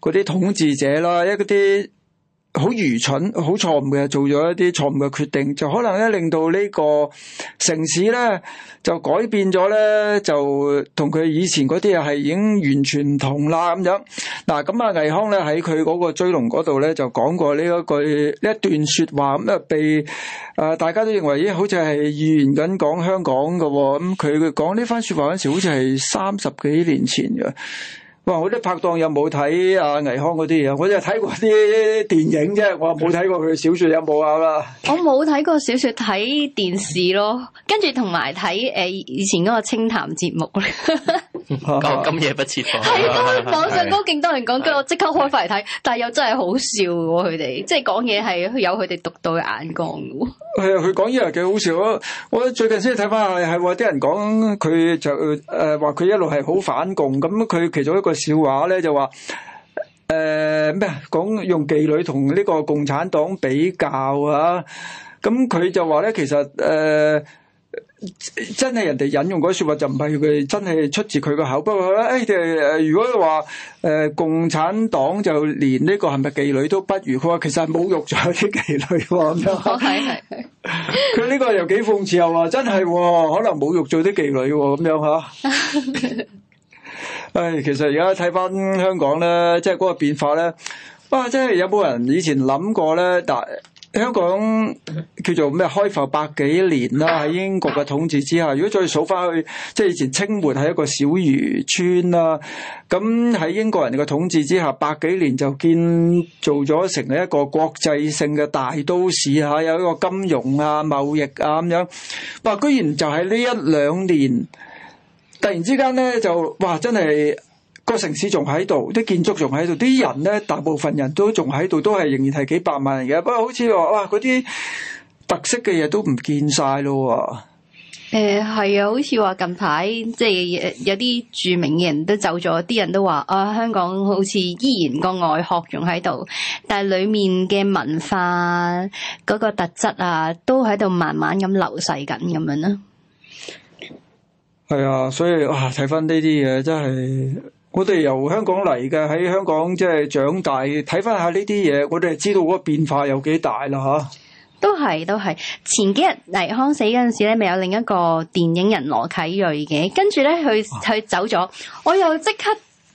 Speaker 1: 嗰啲統治者啦，一啲。好愚蠢、好錯誤嘅，做咗一啲錯誤嘅決定，就可能咧令到呢個城市咧就改變咗咧，就同佢以前嗰啲係已經完全唔同啦咁樣。嗱，咁啊，倪、啊、匡咧喺佢嗰個追龍嗰度咧就講過呢一句呢一段説話，咁啊被啊、呃、大家都認為咦，好似係預言緊講香港嘅喎、哦。咁佢講呢番説話嗰時，好似係三十幾年前嘅。哇！我啲拍檔有冇睇啊，倪匡嗰啲嘢？我只係睇過啲電影啫，我冇睇過佢小說有冇啊
Speaker 2: 啦。 我冇睇過小說，睇電視咯，跟住同埋睇誒以前嗰個清談節目。
Speaker 5: 咁今夜不設防係啊！網 上都
Speaker 2: 勁多人講，叫我即刻開翻嚟睇，但係又真係好笑喎！佢哋即係講嘢係有佢哋獨到嘅眼光。
Speaker 1: 係啊，佢講嘢係幾好笑，我最近先睇翻係係啲人講佢就誒話佢一路係好反共，咁佢其中一個。笑話咧，就話誒咩，講用妓女同呢個共產黨比較啊，咁佢就話咧，其實誒真係人哋引用嗰啲說話就唔係佢真係出自佢個口。不過誒誒，如果話誒共產黨就連呢個係咪妓女都不如，佢話其實係侮辱咗啲妓女咁樣。哦，係係佢呢個又幾諷刺，又話真係可能侮辱咗啲妓女咁樣吓。誒，其實而家睇翻香港咧，即係嗰個變化咧，不過、啊！即係有冇人以前諗過咧？但係香港叫做咩？開埠百幾年啦、啊，喺英國嘅統治之下。如果再數翻去，即係以前清末係一個小漁村啦、啊。咁喺英國人嘅統治之下，百幾年就建造咗成一個國際性嘅大都市吓、啊，有一個金融啊、貿易啊咁樣。不過、啊！居然就喺呢一兩年。突然之間咧，就哇！真係個城市仲喺度，啲建築仲喺度，啲人咧，大部分人都仲喺度，都係仍然係幾百萬嘅。不過好似話哇，嗰啲特色嘅嘢都唔見晒咯
Speaker 2: 喎。誒係啊，好似話近排即係有啲著名嘅人都走咗，啲人都話啊，香港好似依然個外殼仲喺度，但係裡面嘅文化，嗰個特質啊，都喺度慢慢咁流逝緊咁樣啦。
Speaker 1: 係啊，所以哇，睇翻呢啲嘢真係，我哋由香港嚟嘅，喺香港即係長大，睇翻下呢啲嘢，我哋知道個變化有幾大啦吓。
Speaker 2: 都係，都係。前幾日倪匡死嗰陣時咧，咪有另一個電影人羅啟銳嘅，跟住咧佢佢走咗，啊、我又即刻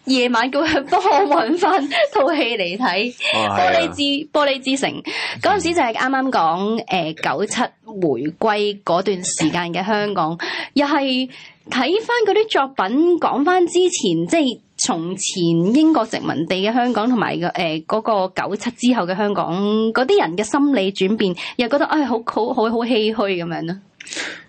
Speaker 2: 夜晚叫佢幫我搵翻套戲嚟睇
Speaker 4: 《啊啊、玻璃之
Speaker 2: 玻璃之城》。嗰陣時就係啱啱講誒九七回歸嗰段時間嘅香港，又係。睇翻嗰啲作品，講翻之前，即係從前英國殖民地嘅香港，呃嗰個、香港，同埋嘅嗰個九七之後嘅香港，嗰啲人嘅心理轉變，又覺得唉、哎，好好好，好好唏噓咁樣咯。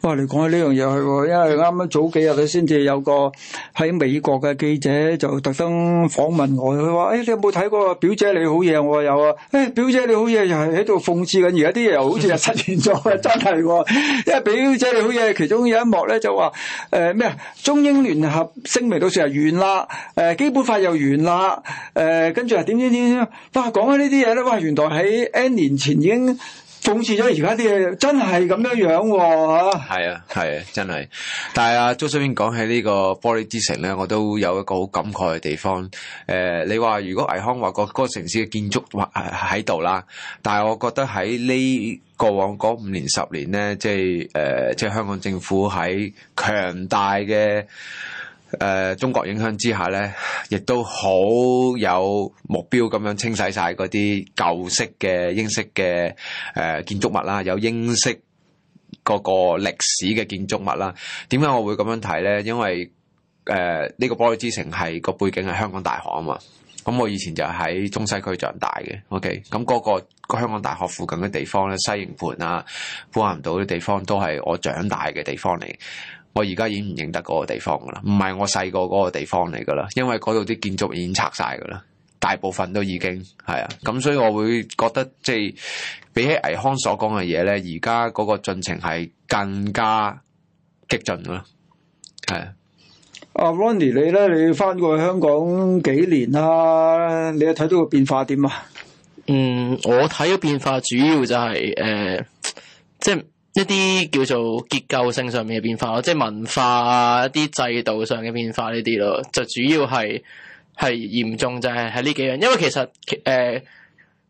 Speaker 1: 哇！你講起呢樣嘢係，因為啱啱早幾日佢先至有個喺美國嘅記者就特登訪問我，佢話：誒、哎，你有冇睇過表姐你好嘢？我有啊。誒，表姐你好嘢，哎、又係喺度諷刺緊，而家啲嘢又好似又實現咗，真係。因為表姐你好嘢其中有一幕咧，就話：誒、呃、咩？中英聯合聲明到時就完啦，誒、呃，基本法又完啦，誒、呃，跟住又點點點點。哇！講起呢啲嘢咧，哇！原來喺 N 年前已經。諷刺咗而家啲嘢，真係咁樣樣喎嚇。
Speaker 6: 係啊係啊，真係。但係阿周水邊講起呢個玻璃之城咧，我都有一個好感慨嘅地方。誒、呃，你話如果倪匡話個個城市嘅建築喺度啦，但係我覺得喺呢過往嗰五年十年咧，即係誒、呃，即係香港政府喺強大嘅。誒、呃、中國影響之下咧，亦都好有目標咁樣清洗晒嗰啲舊式嘅英式嘅誒、呃、建築物啦，有英式嗰個歷史嘅建築物啦。點解我會咁樣睇咧？因為誒呢、呃這個玻璃之城係個背景係香港大學啊嘛。咁我以前就喺中西區長大嘅。OK，咁嗰個香港大學附近嘅地方咧，西營盤啊、般咸道啲地方都係我長大嘅地方嚟。我而家已經唔認得嗰個地方噶啦，唔係我細個嗰個地方嚟噶啦，因為嗰度啲建築已經拆晒噶啦，大部分都已經係啊，咁所以我會覺得即係比起倪匡所講嘅嘢咧，而家嗰個進程係更加激進咯，
Speaker 5: 係
Speaker 1: 啊。阿 Ronnie 你咧，你翻過去香港幾年啦？
Speaker 5: 你有睇到個變化點啊？嗯，我睇咗變化主要就係、是、誒、呃，即係。一啲叫做結構性上面嘅變化咯，即係文化啊一啲制度上嘅變化呢啲咯，就主要係係嚴重就係喺呢幾樣，因為其實誒。呃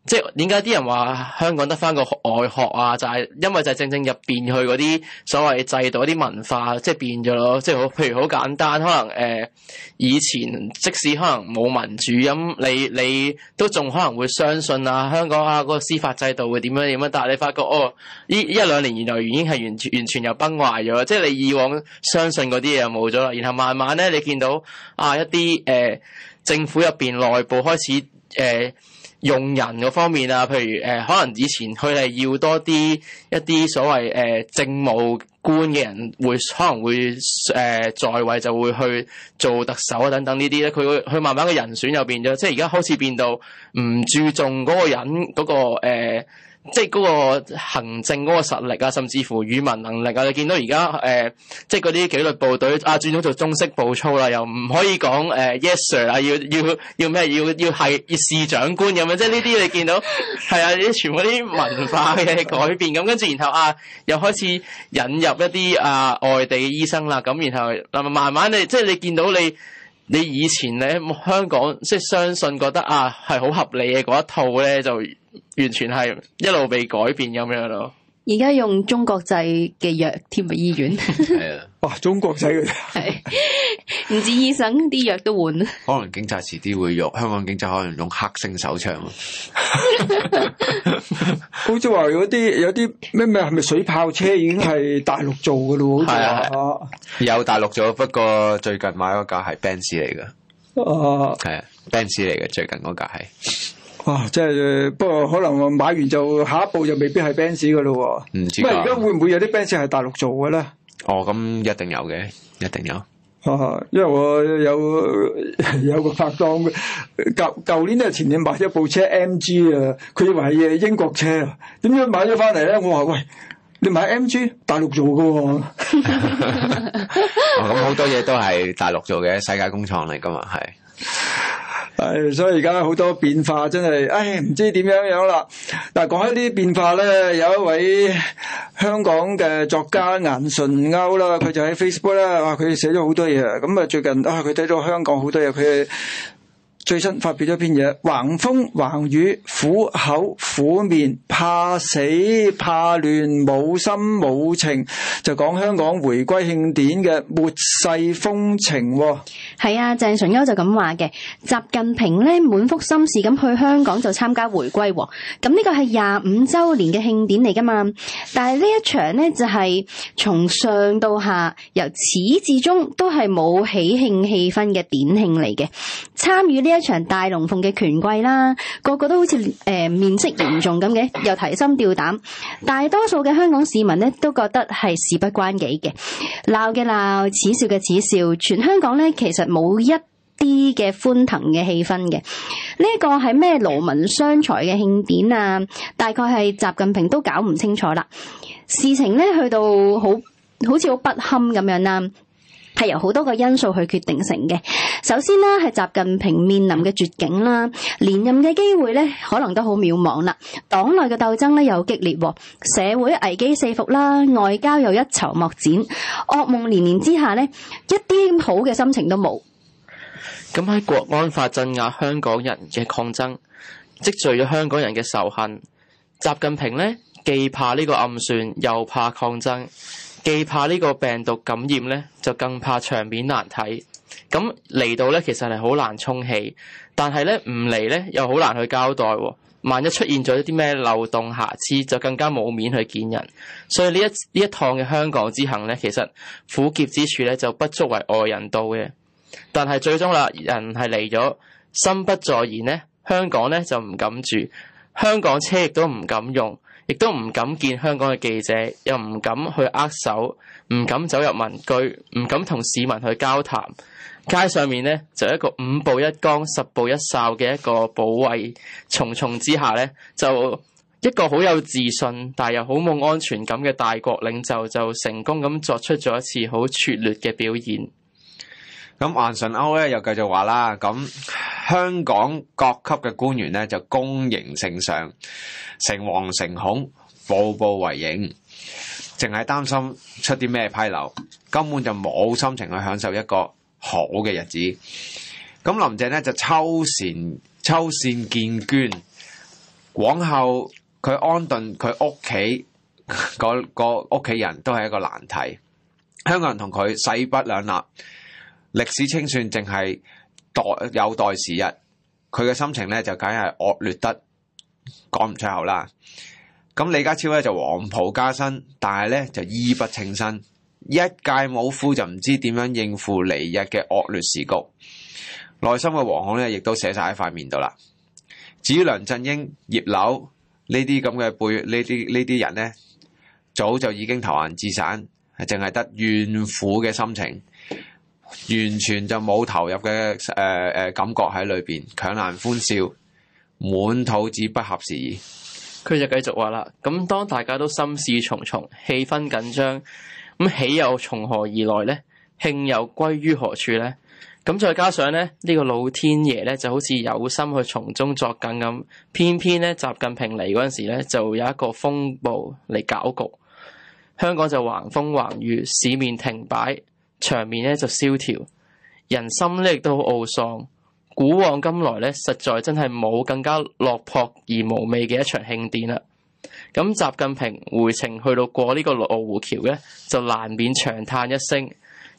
Speaker 5: 即係點解啲人話香港得翻個外殼啊？就係、是、因為就正正入邊去嗰啲所謂制度、啲文化，即係變咗咯。即係好，譬如好簡單，可能誒、呃、以前即使可能冇民主，咁你你都仲可能會相信啊香港啊、個司法制度會點樣點樣，但係你發覺哦，呢一,一兩年以來已經係完全完全又崩壞咗，即係你以往相信嗰啲嘢又冇咗啦。然後慢慢咧，你見到啊一啲誒、呃、政府入邊內部開始誒。呃用人嗰方面啊，譬如誒、呃，可能以前佢哋要多啲一啲所謂誒、呃、政務官嘅人會，會可能會誒、呃、在位就會去做特首啊等等呢啲咧，佢會佢慢慢嘅人選又變咗，即係而家好似變到唔注重嗰個人嗰、嗰個誒。呃即係嗰個行政嗰個實力啊，甚至乎語文能力啊，你見到而家誒，即係嗰啲紀律部隊啊，轉咗做中式步操啦，又唔可以講誒 yes sir 啊，要要要咩？要要係要是長官咁樣，即係呢啲你見到係 啊，啲全部啲文化嘅改變咁，跟、嗯、住然後啊，又開始引入一啲啊外地醫生啦，咁、嗯、然後嗱慢慢你即係你見到你你以前咧香港即係相信覺得啊係好合理嘅嗰一套咧就。就完全係一路被改變咁樣咯。
Speaker 2: 而家用中國製嘅藥添，入醫院
Speaker 5: 係啊，哇 mus，
Speaker 6: 中國製嘅
Speaker 2: 係，唔止醫生啲藥都換。
Speaker 6: 可能警察遲啲會用香港警察，可能用黑星手槍。 好似話有啲
Speaker 1: 有啲咩咩係咪水炮車已經係大陸做噶咯？係啊，
Speaker 6: 有大陸做，不過最近買嗰架係 Benz 嚟噶，係啊，Benz 嚟嘅，最近嗰架係。
Speaker 1: 哇！即係不過可能我買完就下一步就未必係 Benz 噶咯喎。
Speaker 6: 唔知啊。咁而家會
Speaker 1: 唔會有啲 Benz 係大陸做嘅咧？
Speaker 6: 哦，咁、嗯、一定有嘅，一定有。
Speaker 1: 啊、因
Speaker 6: 為我有有個拍檔，舊
Speaker 1: 舊年都係前年買咗部車 M G 啊，佢以為係英國車，點樣買咗翻嚟咧？我話喂，你買 M G，大陸做噶
Speaker 6: 喎、啊。咁 好、 哦、多嘢都係大陸做嘅，世界工廠嚟噶嘛？係。係，所以而家好多變化，真係，唉，唔知點樣樣啦。但係講開啲變化咧，有
Speaker 1: 一位香港嘅作家顏純鈎啦，佢就喺 Facebook 啦，話佢寫咗好多嘢。咁啊，最近啊，佢睇咗香港好多嘢，佢。最新發表咗篇嘢橫風橫雨，苦口苦面，怕死怕亂，冇心冇情，就講香港回歸慶典嘅末
Speaker 2: 世風情。係啊，鄭純優就咁話嘅。習近平咧，滿腹心事咁去香港就參加回歸，咁呢個係廿五周年嘅慶典嚟噶嘛？但係呢一場咧就係、是、從上到下，由始至終都係冇喜慶氣氛嘅典慶嚟嘅，參與。呢。一場大龍鳳嘅權貴啦，個個都好似、呃誒、面色嚴重咁嘅，又提心吊膽。大多數嘅香港市民呢，都覺得係事不關己嘅，鬧嘅鬧，恥笑嘅恥笑。全香港呢，其實冇一啲嘅歡騰嘅氣氛嘅。呢個係咩勞民傷財嘅慶典啊？大概係習近平都搞唔清楚啦。事情呢，去到好好似好不堪咁樣啦。係由好多個因素去決定成嘅。首先呢，係習近平面臨嘅絕境啦，連任嘅機會呢，可能都好渺茫啦。黨內嘅鬥爭呢又激烈，社會危機四伏啦，外交又一籌莫展，噩夢連連之下呢，一啲好嘅心情都冇。
Speaker 5: 咁喺國安法鎮壓香港人嘅抗爭，積聚咗香港人嘅仇恨。習近平呢，既怕呢個暗算，又怕抗爭。既怕呢個病毒感染咧，就更怕場面難睇。咁嚟到咧，其實係好難沖起，但係咧唔嚟咧，又好難去交代喎。萬一出現咗一啲咩漏洞瑕疵，就更加冇面去見人。所以呢一呢一趟嘅香港之行咧，其實苦澀之處咧就不足為外人道嘅。但係最終啦，人係嚟咗，心不在焉咧，香港咧就唔敢住，香港車亦都唔敢用。亦都唔敢見香港嘅記者，又唔敢去握手，唔敢走入民居，唔敢同市民去交談。街上面呢，就一個五步一崗、十步一哨嘅一個保衞重重之下呢，就一個好有自信但又好冇安全感嘅大國領袖，就成功咁作出咗一次好拙劣嘅表現。咁萬順歐咧又繼續話啦，咁香港
Speaker 6: 各級嘅官員咧就恭迎聖上，誠惶誠恐，步步為營，淨係擔心出啲咩批漏，根本就冇心情去享受一個好嘅日子。咁、嗯、林鄭咧就秋扇秋扇見捐，往後佢安頓佢屋企嗰個屋企人都係一個難題。香港人同佢勢不兩立。歷史清算淨係待有待時日，佢嘅心情咧就梗係惡劣得講唔出口啦。咁李家超咧就黃袍加身，但係咧就衣不稱身，一介武夫就唔知點樣應付嚟日嘅惡劣時局，內心嘅惶恐咧亦都寫晒喺塊面度啦。至於梁振英、葉劉呢啲咁嘅輩呢啲呢啲人咧，早就已經投閒自散，淨係得怨婦嘅心情。完全就冇投入嘅、誒誒，感覺喺裏邊，強顏歡笑，滿肚子不合時宜。
Speaker 5: 佢就繼續話啦，咁當大家都心事重重，氣氛緊張，咁喜又從何而來呢？慶又歸於何處呢？」咁再加上咧呢個老天爺咧，就好似有心去從中作梗咁，偏偏咧習近平嚟嗰陣時咧，就有一個風暴嚟攪局，香港就橫風橫雨，市面停擺。場面咧就蕭條，人心咧亦都好懊喪。古往今來咧，實在真係冇更加落魄而無味嘅一場慶典啦。咁習近平回程去到過呢個羅湖橋咧，就難免長嘆一聲。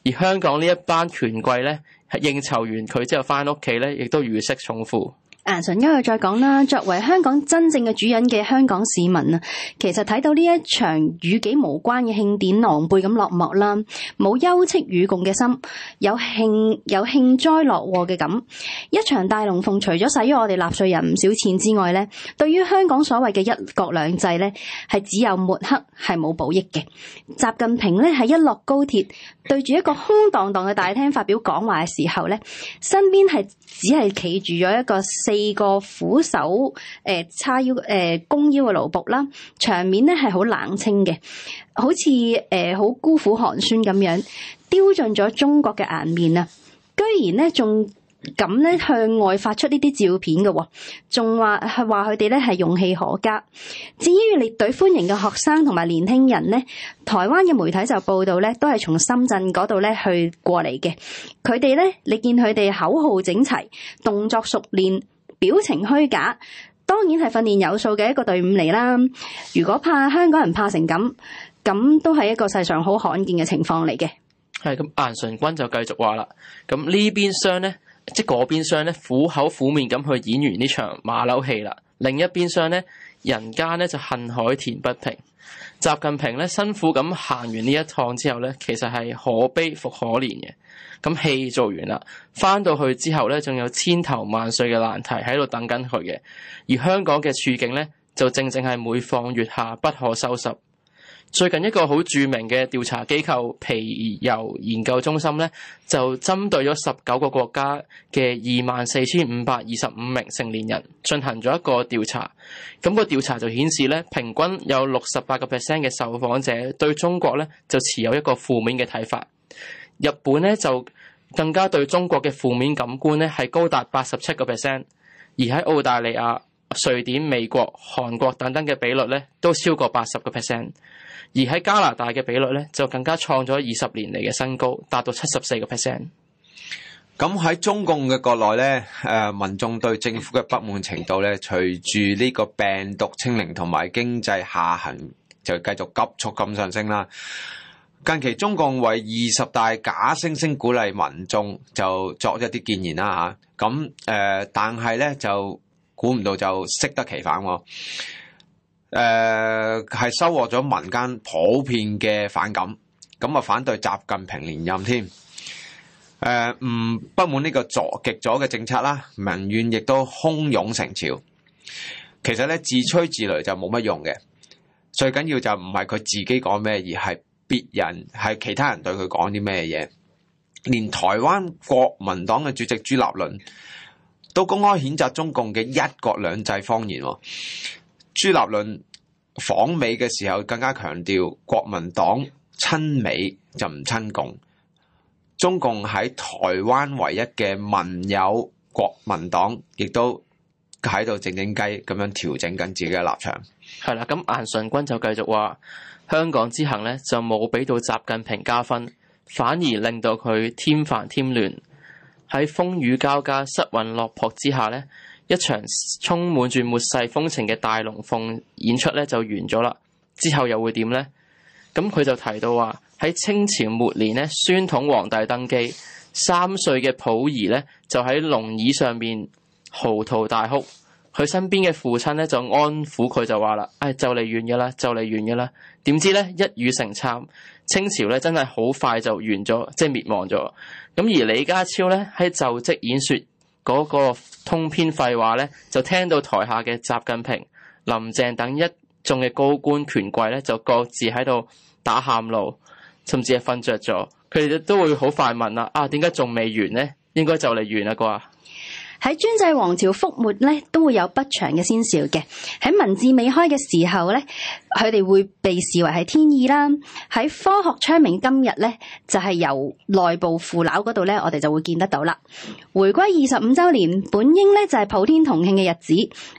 Speaker 5: 而香港呢一班權貴咧，應酬完佢之後翻屋企咧，亦都如釋重負。
Speaker 2: 啊！上一路再講啦，作為香港真正嘅主人嘅香港市民啊，其實睇到呢一場與己無關嘅慶典狼狽咁落幕啦，冇休戚與共嘅心，有幸有幸災樂禍嘅感。一場大龍鳳除咗使咗我哋納稅人唔少錢之外咧，對於香港所謂嘅一國兩制咧，係只有抹黑，係冇補益嘅。習近平咧係一落高鐵，對住一個空蕩蕩嘅大廳發表講話嘅時候咧，身邊係。只係企住咗一個四個俯首誒叉腰誒弓、呃、腰嘅奴僕啦，場面咧係好冷清嘅，好似誒好孤苦寒酸咁樣，丟盡咗中國嘅顏面啊！居然咧仲。咁咧向外發出呢啲照片嘅哦，仲話係話佢哋咧係勇氣可嘉。至於列隊歡迎嘅學生同埋年輕人呢，台灣嘅媒體就報道咧，都係從深圳嗰度咧去過嚟嘅。佢哋咧，你見佢哋口號整齊、動作熟練、表情虛假，當然係訓練有素嘅一個隊伍嚟啦。如果怕香港人怕成咁，咁都係一個世上好罕見嘅情況嚟嘅。
Speaker 5: 係咁，顏純君就繼續話啦。咁呢邊廂咧？即嗰邊廂咧，苦口苦面咁去演完呢場馬騮戲啦，另一邊廂咧，人家咧就恨海填不平。習近平咧辛苦咁行完呢一趟之後咧，其實係可悲復可憐嘅。咁戲做完啦，翻到去之後咧，仲有千頭萬緒嘅難題喺度等緊佢嘅。而香港嘅處境咧，就正正係每況愈下，不可收拾。最近一個好著名嘅調查機構皮尤研究中心咧，就針對咗十九個國家嘅二萬四千五百二十五名成年人進行咗一個調查。咁個調查就顯示咧，平均有六十八個 percent 嘅受訪者對中國咧就持有一個負面嘅睇法。日本咧就更加對中國嘅負面感官咧係高達八十七個 percent，而喺澳大利亞、瑞典、美國、韓國等等嘅比率咧，都超過八十個 percent，而喺加拿大嘅比率咧，就更加創咗二十年嚟嘅新高，達到七十四個 percent。
Speaker 6: 咁喺中共嘅國內咧，誒、呃、民眾對政府嘅不滿程度咧，隨住呢個病毒清零同埋經濟下行，就繼續急速咁上升啦。近期中共為二十大假惺惺鼓勵民眾、啊呃，就作一啲建言啦吓。咁誒，但係咧就。估唔到就適得其反喎、啊，誒、呃、係收穫咗民間普遍嘅反感，咁啊反對習近平連任添，誒、呃、唔不滿呢個極左嘅政策啦、啊，民怨亦都洶湧成潮。其實咧自吹自擂就冇乜用嘅，最緊要就唔係佢自己講咩，而係別人，係其他人對佢講啲咩嘢。連台灣國民黨嘅主席朱立倫，都公開譴責中共嘅一國兩制謊言、哦。朱立倫訪美嘅時候，更加強調國民黨親美就唔親共。中共喺台灣唯一嘅盟友，國民黨亦都
Speaker 5: 喺度靜靜雞咁樣調整緊自己嘅立場。係啦，咁顏順君就繼續話：香港之行咧，就冇俾到習近平加分，反而令到佢添煩添亂。喺風雨交加、失魂落魄之下咧，一場充滿住末世風情嘅大龍鳳演出咧就完咗啦。之後又會點呢？咁佢就提到話喺清朝末年咧，宣統皇帝登基，三歲嘅溥儀咧就喺龍椅上面嚎啕大哭，佢身邊嘅父親咧就安撫佢就話啦：唉、哎，就嚟完嘅啦，就嚟完嘅啦。點知咧一語成讖，清朝咧真係好快就完咗，即係滅亡咗。咁而李家超咧喺就職演說嗰個通篇廢話咧，就聽到台下嘅習近平、林鄭等一眾嘅高官權貴咧，就各自喺度打喊路，甚至係瞓着咗。佢哋都都會好快問啦，啊點解仲未完咧？應該就嚟完啦啩？
Speaker 2: 喺專制王朝覆沒呢，都會有不祥嘅先兆嘅。喺文字未開嘅時候呢，佢哋會被視為係天意啦。喺科學昌明今日呢，就係、是、由內部腐朽嗰度呢，我哋就會見得到啦。回歸二十五周年，本應呢就係、是、普天同慶嘅日子，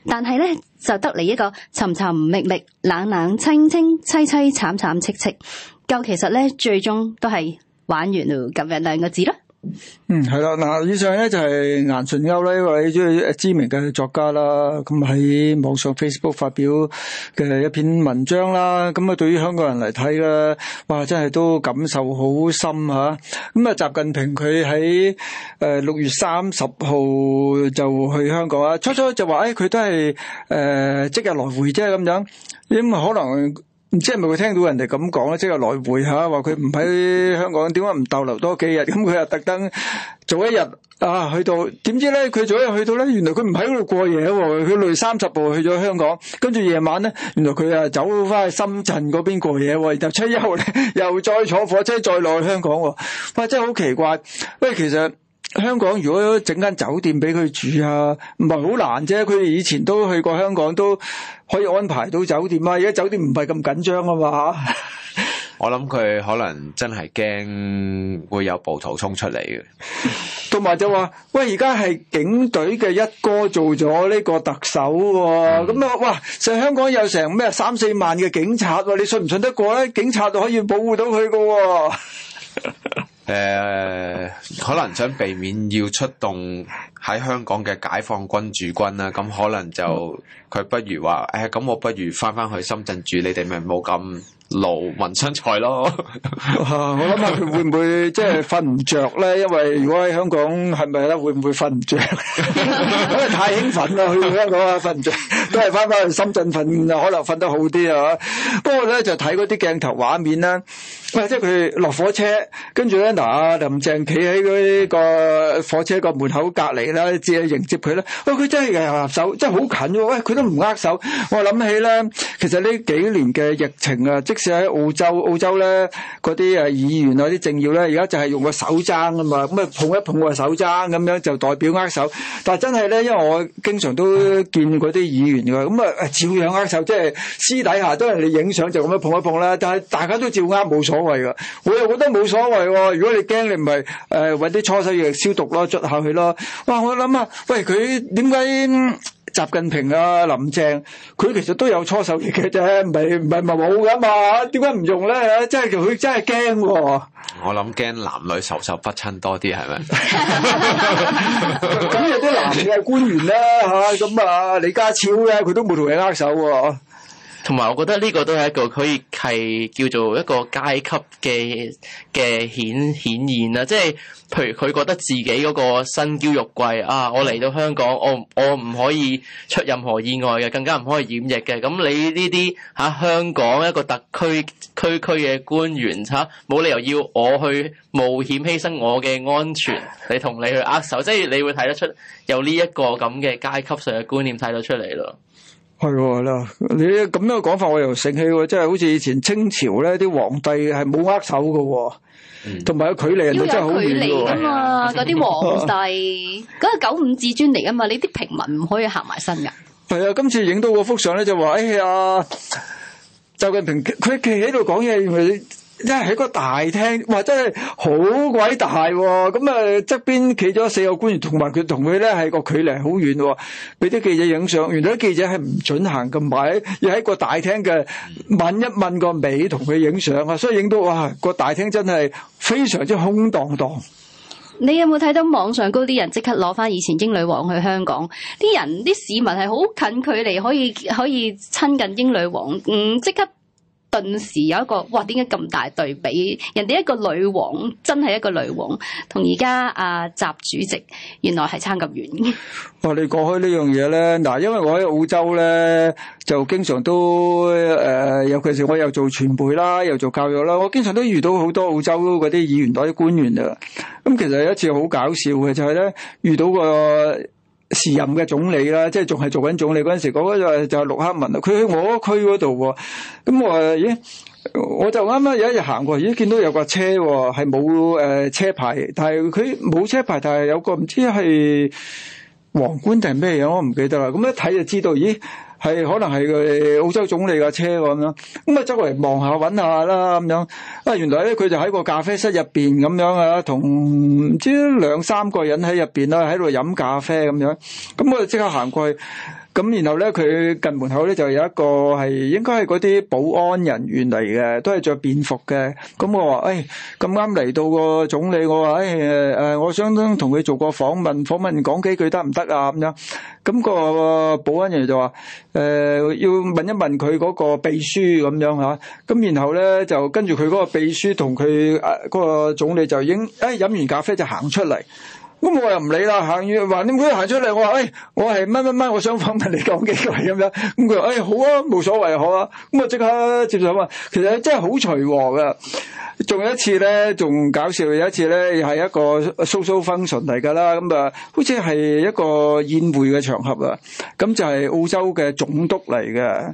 Speaker 2: 但係呢，就得嚟一個尋尋覓,覓覓、冷冷清清、凄凄慘慘戚戚。究其實呢，最終都係玩完啦，咁樣兩個字啦。
Speaker 1: 嗯，係啦，嗱、啊，以上咧，就係顏純優呢一位知名嘅作家啦，咁、啊、喺網上 Facebook 發表嘅一篇文章啦，咁啊，對於香港人嚟睇啦，哇、啊，真係都感受好深吓，咁啊，習、啊、近平佢喺誒六月三十號就去香港啦、啊，初初就話誒，佢、哎、都係誒、呃、即日來回啫咁樣，咁可能。唔知係咪會聽到人哋咁講咧，即係來回吓，話佢唔喺香港，點解唔逗留多幾日？咁佢又特登早一日啊，去到，點知咧佢早一日去到咧，原來佢唔喺嗰度過夜喎，佢累三十步去咗香港，跟住夜晚咧，原來佢啊走翻去深圳嗰邊過夜喎，又出七一號咧，又再坐火車再落去香港，哇，真係好奇怪，喂，其實。香港如果整間酒店俾佢住啊，唔係好難啫。佢以前都去過香港，都可以安排到酒店啊。而家酒店唔係咁緊張啊嘛 。
Speaker 6: 我諗佢可能真係驚會有暴徒衝出嚟嘅。
Speaker 1: 同埋就話，喂，而家係警隊嘅一哥做咗呢個特首、啊，咁啊、嗯，哇！成香港有成咩三四萬嘅警察，啊，你
Speaker 6: 信唔信得過咧？警察就可以保護到佢噶。誒、呃，可能想避免要出動喺香港嘅解放軍駐軍啦，咁可能就佢不如話，誒、哎，咁我不如翻翻去深圳住，你哋咪冇咁勞民傷財咯。啊、我諗下
Speaker 1: 佢會唔會即係瞓唔着咧？因為如果喺香港係咪咧，是是會唔會瞓唔着？因為太興奮啦，去香港啊，瞓唔着，都係翻翻去深圳瞓啊，可能瞓得好啲啊。不過咧，就睇嗰啲鏡頭畫面啦。喂，即係佢落火車，跟住咧，嗱，林鄭企喺嗰個火車個門口隔籬啦，接迎接佢啦。喂、哎，佢真係又握手，真係好近喎、啊。喂、哎，佢都唔握手。我諗起咧，其實呢幾年嘅疫情啊，即使喺澳洲，澳洲咧嗰啲誒議員啊，啲政要咧，而家就係用個手踭啊嘛，咁啊碰一碰個手踭咁樣就代表握手。但係真係咧，因為我經常都見嗰啲議員㗎，咁啊照樣握手，即係私底下都係你影相就咁樣碰一碰啦。但係大家都照握，冇所。所謂噶，我又覺得冇所謂喎。如果你驚，你咪誒揾啲搓手液嚟消毒咯，捽下佢咯。哇！我諗啊，喂，佢點解習近平啊、林鄭佢其實都有搓手液嘅啫，唔係唔係咪冇噶嘛？點解唔用咧？嚇，真係佢真係驚喎。
Speaker 6: 我諗驚男女授受不親多啲係咪？
Speaker 4: 咁有啲男嘅官員啦嚇，
Speaker 6: 咁啊李家超咧，佢都冇同你握手喎。
Speaker 5: 同埋，我覺得呢個都係一個可以係叫做一個階級嘅嘅顯顯現啦、啊。即係譬如佢覺得自己嗰個身嬌肉貴啊，我嚟到香港，我我唔可以出任何意外嘅，更加唔可以染疫嘅。咁你呢啲嚇香港一個特區區區嘅官員，嚇、啊、冇理由要我去冒險犧牲我嘅安全，你同你去握手，即係你會睇得出有呢一個咁嘅階級上嘅觀念睇得出嚟咯。
Speaker 1: 係啦，你咁樣嘅講法我，我又醒起喎！即係好似以前清朝咧，啲皇帝係冇黑手噶，同埋個距離又真係好遠噶嘛。嗰啲皇帝，
Speaker 2: 嗰個九五至尊嚟噶嘛，你啲平民唔可以行埋身噶。
Speaker 1: 係啊，今次影到個幅相咧，就話哎啊，習近平佢企喺度講嘢，原即係喺個大廳，哇！真係好鬼大喎，哦。咁，嗯、啊，側邊企咗四個官員，同埋佢同佢咧，係個距離好遠喎。俾啲記者影相，原來啲記者係唔准行咁埋，又喺個大廳嘅問一問個尾同佢影相啊。所以影到哇，個大廳真係非常之空蕩蕩。
Speaker 2: 你有冇睇到網上高啲人即刻攞翻以前英女王去香港，啲人啲市民係好近距離可以可以親近英女王，嗯，即刻。頓時有一個，哇！點解咁大對比？人哋一個女王，真係一個女王，同而家阿習主席，原來係差咁遠。
Speaker 1: 你過去呢樣嘢咧，嗱，因為我喺澳洲咧，就經常都誒、呃，尤其是我又做傳媒啦，又做教育啦，我經常都遇到好多澳洲嗰啲議員、嗰啲官員啊。咁其實有一次好搞笑嘅，就係咧遇到個。時任嘅總理啦，即係仲係做緊總理嗰陣時，嗰、嗰個就就係陸克文啦。佢喺我區嗰度，咁我話咦，我就啱啱有一日行過，咦，見到有架車係冇誒車牌，但係佢冇車牌，但係有個唔知係皇冠定係咩樣，我唔記得啦。咁一睇就知道，咦。係可能係佢澳洲總理嘅車咁樣。咁啊走過嚟望下揾下啦咁樣，啊原來咧佢就喺個咖啡室入邊咁樣啊，同唔知兩三個人喺入邊啦，喺度飲咖啡咁樣，咁我哋即刻行過去。咁然後咧，佢近門口咧就有一個係應該係嗰啲保安人員嚟嘅，都係著便服嘅。咁我話誒，咁啱嚟到個總理，我話誒誒，我想同同佢做個訪問，訪問講幾句得唔得啊？咁樣，咁個保安人員就話誒，要問一問佢嗰個秘書咁樣嚇。咁然後咧，就跟住佢嗰個秘書同佢誒嗰個總理就已經誒飲完咖啡就行出嚟。咁我又唔理啦，行完話點解行出嚟？我話誒、哎，我係乜乜乜，我想訪問你講幾句咁樣。咁佢話誒好啊，冇所謂好啊。咁啊即刻接受啊。其實真係好隨和噶。仲有一次咧，仲搞笑。有一次咧，係一,一個 social function 嚟噶啦。咁啊，好似係一個宴會嘅場合啊。咁就係澳洲嘅總督嚟嘅。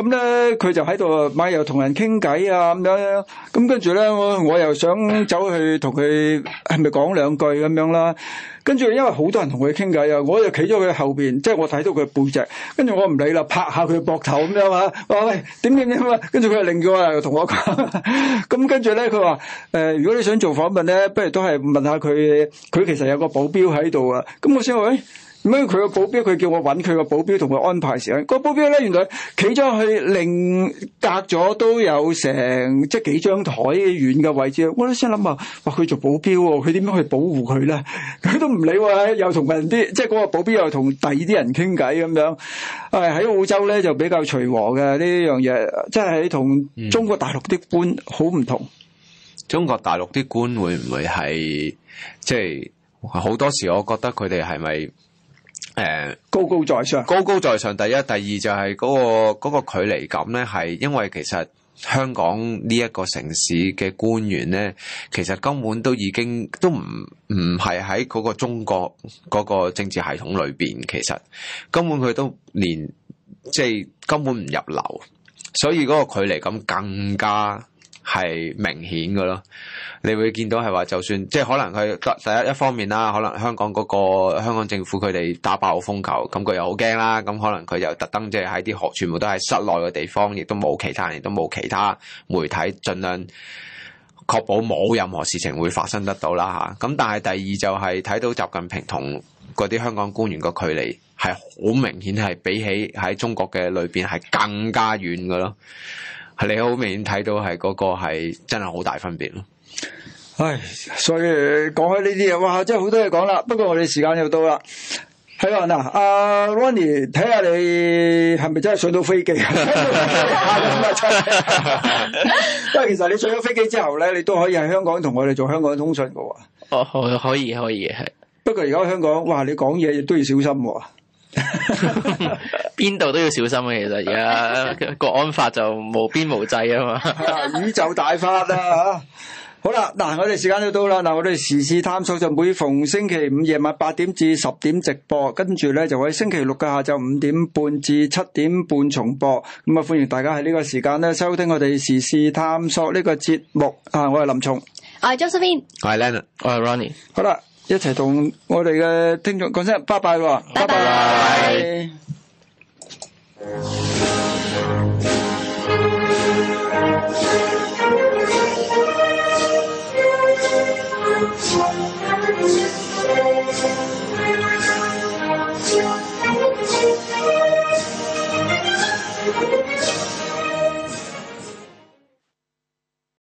Speaker 1: 咁咧，佢、嗯、就喺度、啊，咪又同人傾偈啊咁樣。咁跟住咧，我又想走去同佢係咪講兩句咁樣啦。跟住因為好多人同佢傾偈啊，我就企咗佢後邊，即係我睇到佢背脊。跟住我唔理啦，拍下佢膊頭咁樣啊！喂，點點點啊！跟住佢又擰咗啊，同我講。咁跟住咧，佢話誒，如果你想做訪問咧，不如都係問下佢。佢其實有個保鏢喺度啊。咁我想話。喂咩？佢個保鏢，佢叫我揾佢個保鏢同佢安排時間。個保鏢咧，原來企咗去另隔咗都有成即係幾張台遠嘅位置。我咧先諗啊，哇！佢做保鏢喎，佢點樣去保護佢咧？佢都唔理喎，又同人啲，即係嗰個保鏢又同第二啲人傾偈咁樣。誒、哎，喺澳洲咧就比較隨和嘅呢樣嘢，即係同中國大陸啲官好唔同、
Speaker 6: 嗯。中國大陸啲官會唔會係即係好多時？我覺得佢哋係咪？誒，高高在上，高高在上。第一，第二就係嗰，嗰個嗰個距離感咧，係因為其實香港呢一個城市嘅官員咧，其實根本都已經都唔唔係喺嗰個中國嗰個政治系統裏邊，其實根本佢都連即係、即係、根本唔入流，所以嗰個距離感更加。係明顯嘅咯，你會見到係話，就算即係可能佢第一一方面啦，可能香港嗰個香港政府佢哋打爆風球，咁佢又好驚啦，咁可能佢又特登即係喺啲全全部都喺室內嘅地方，亦都冇其他人，亦都冇其他媒體，盡量確保冇任何事情會發生得到啦嚇。咁但係第二就係睇到習近平同嗰啲香港官員個距離係好明顯係比起喺中國嘅裏邊係更加遠嘅咯。你好明顯睇到係嗰個係真係好大分別咯。
Speaker 1: 唉，所以講開呢啲嘢，哇，真係好多嘢講啦。不過我哋時間又到啦。係啦，嗱、呃，阿 Ronnie 睇下你係咪真係上到飛機？因為 其實你上咗飛機之後咧，你都可以喺香港同我哋做香港通訊嘅
Speaker 5: 話，哦，可以可以係。
Speaker 1: 不過而家香港，哇，你講嘢亦都要小心啲，啊
Speaker 5: 邊度 都要小心啊！其實而家國安法就無邊無際啊嘛，
Speaker 1: 宇宙大法啊吓！好啦，嗱我哋時間都到啦。嗱我哋時事探索就每逢星期五夜晚八點至十點直播，跟住咧就喺星期六嘅下晝五點半至七點半重播。咁啊，歡迎大家喺呢個時間咧收聽我哋時事探索呢個節目啊！我係林松，
Speaker 2: 啊 Josephine，
Speaker 6: 啊 Leon，啊
Speaker 1: Ronnie 'm 好啦。一齊同我哋嘅聽眾講聲，拜拜喎，拜拜。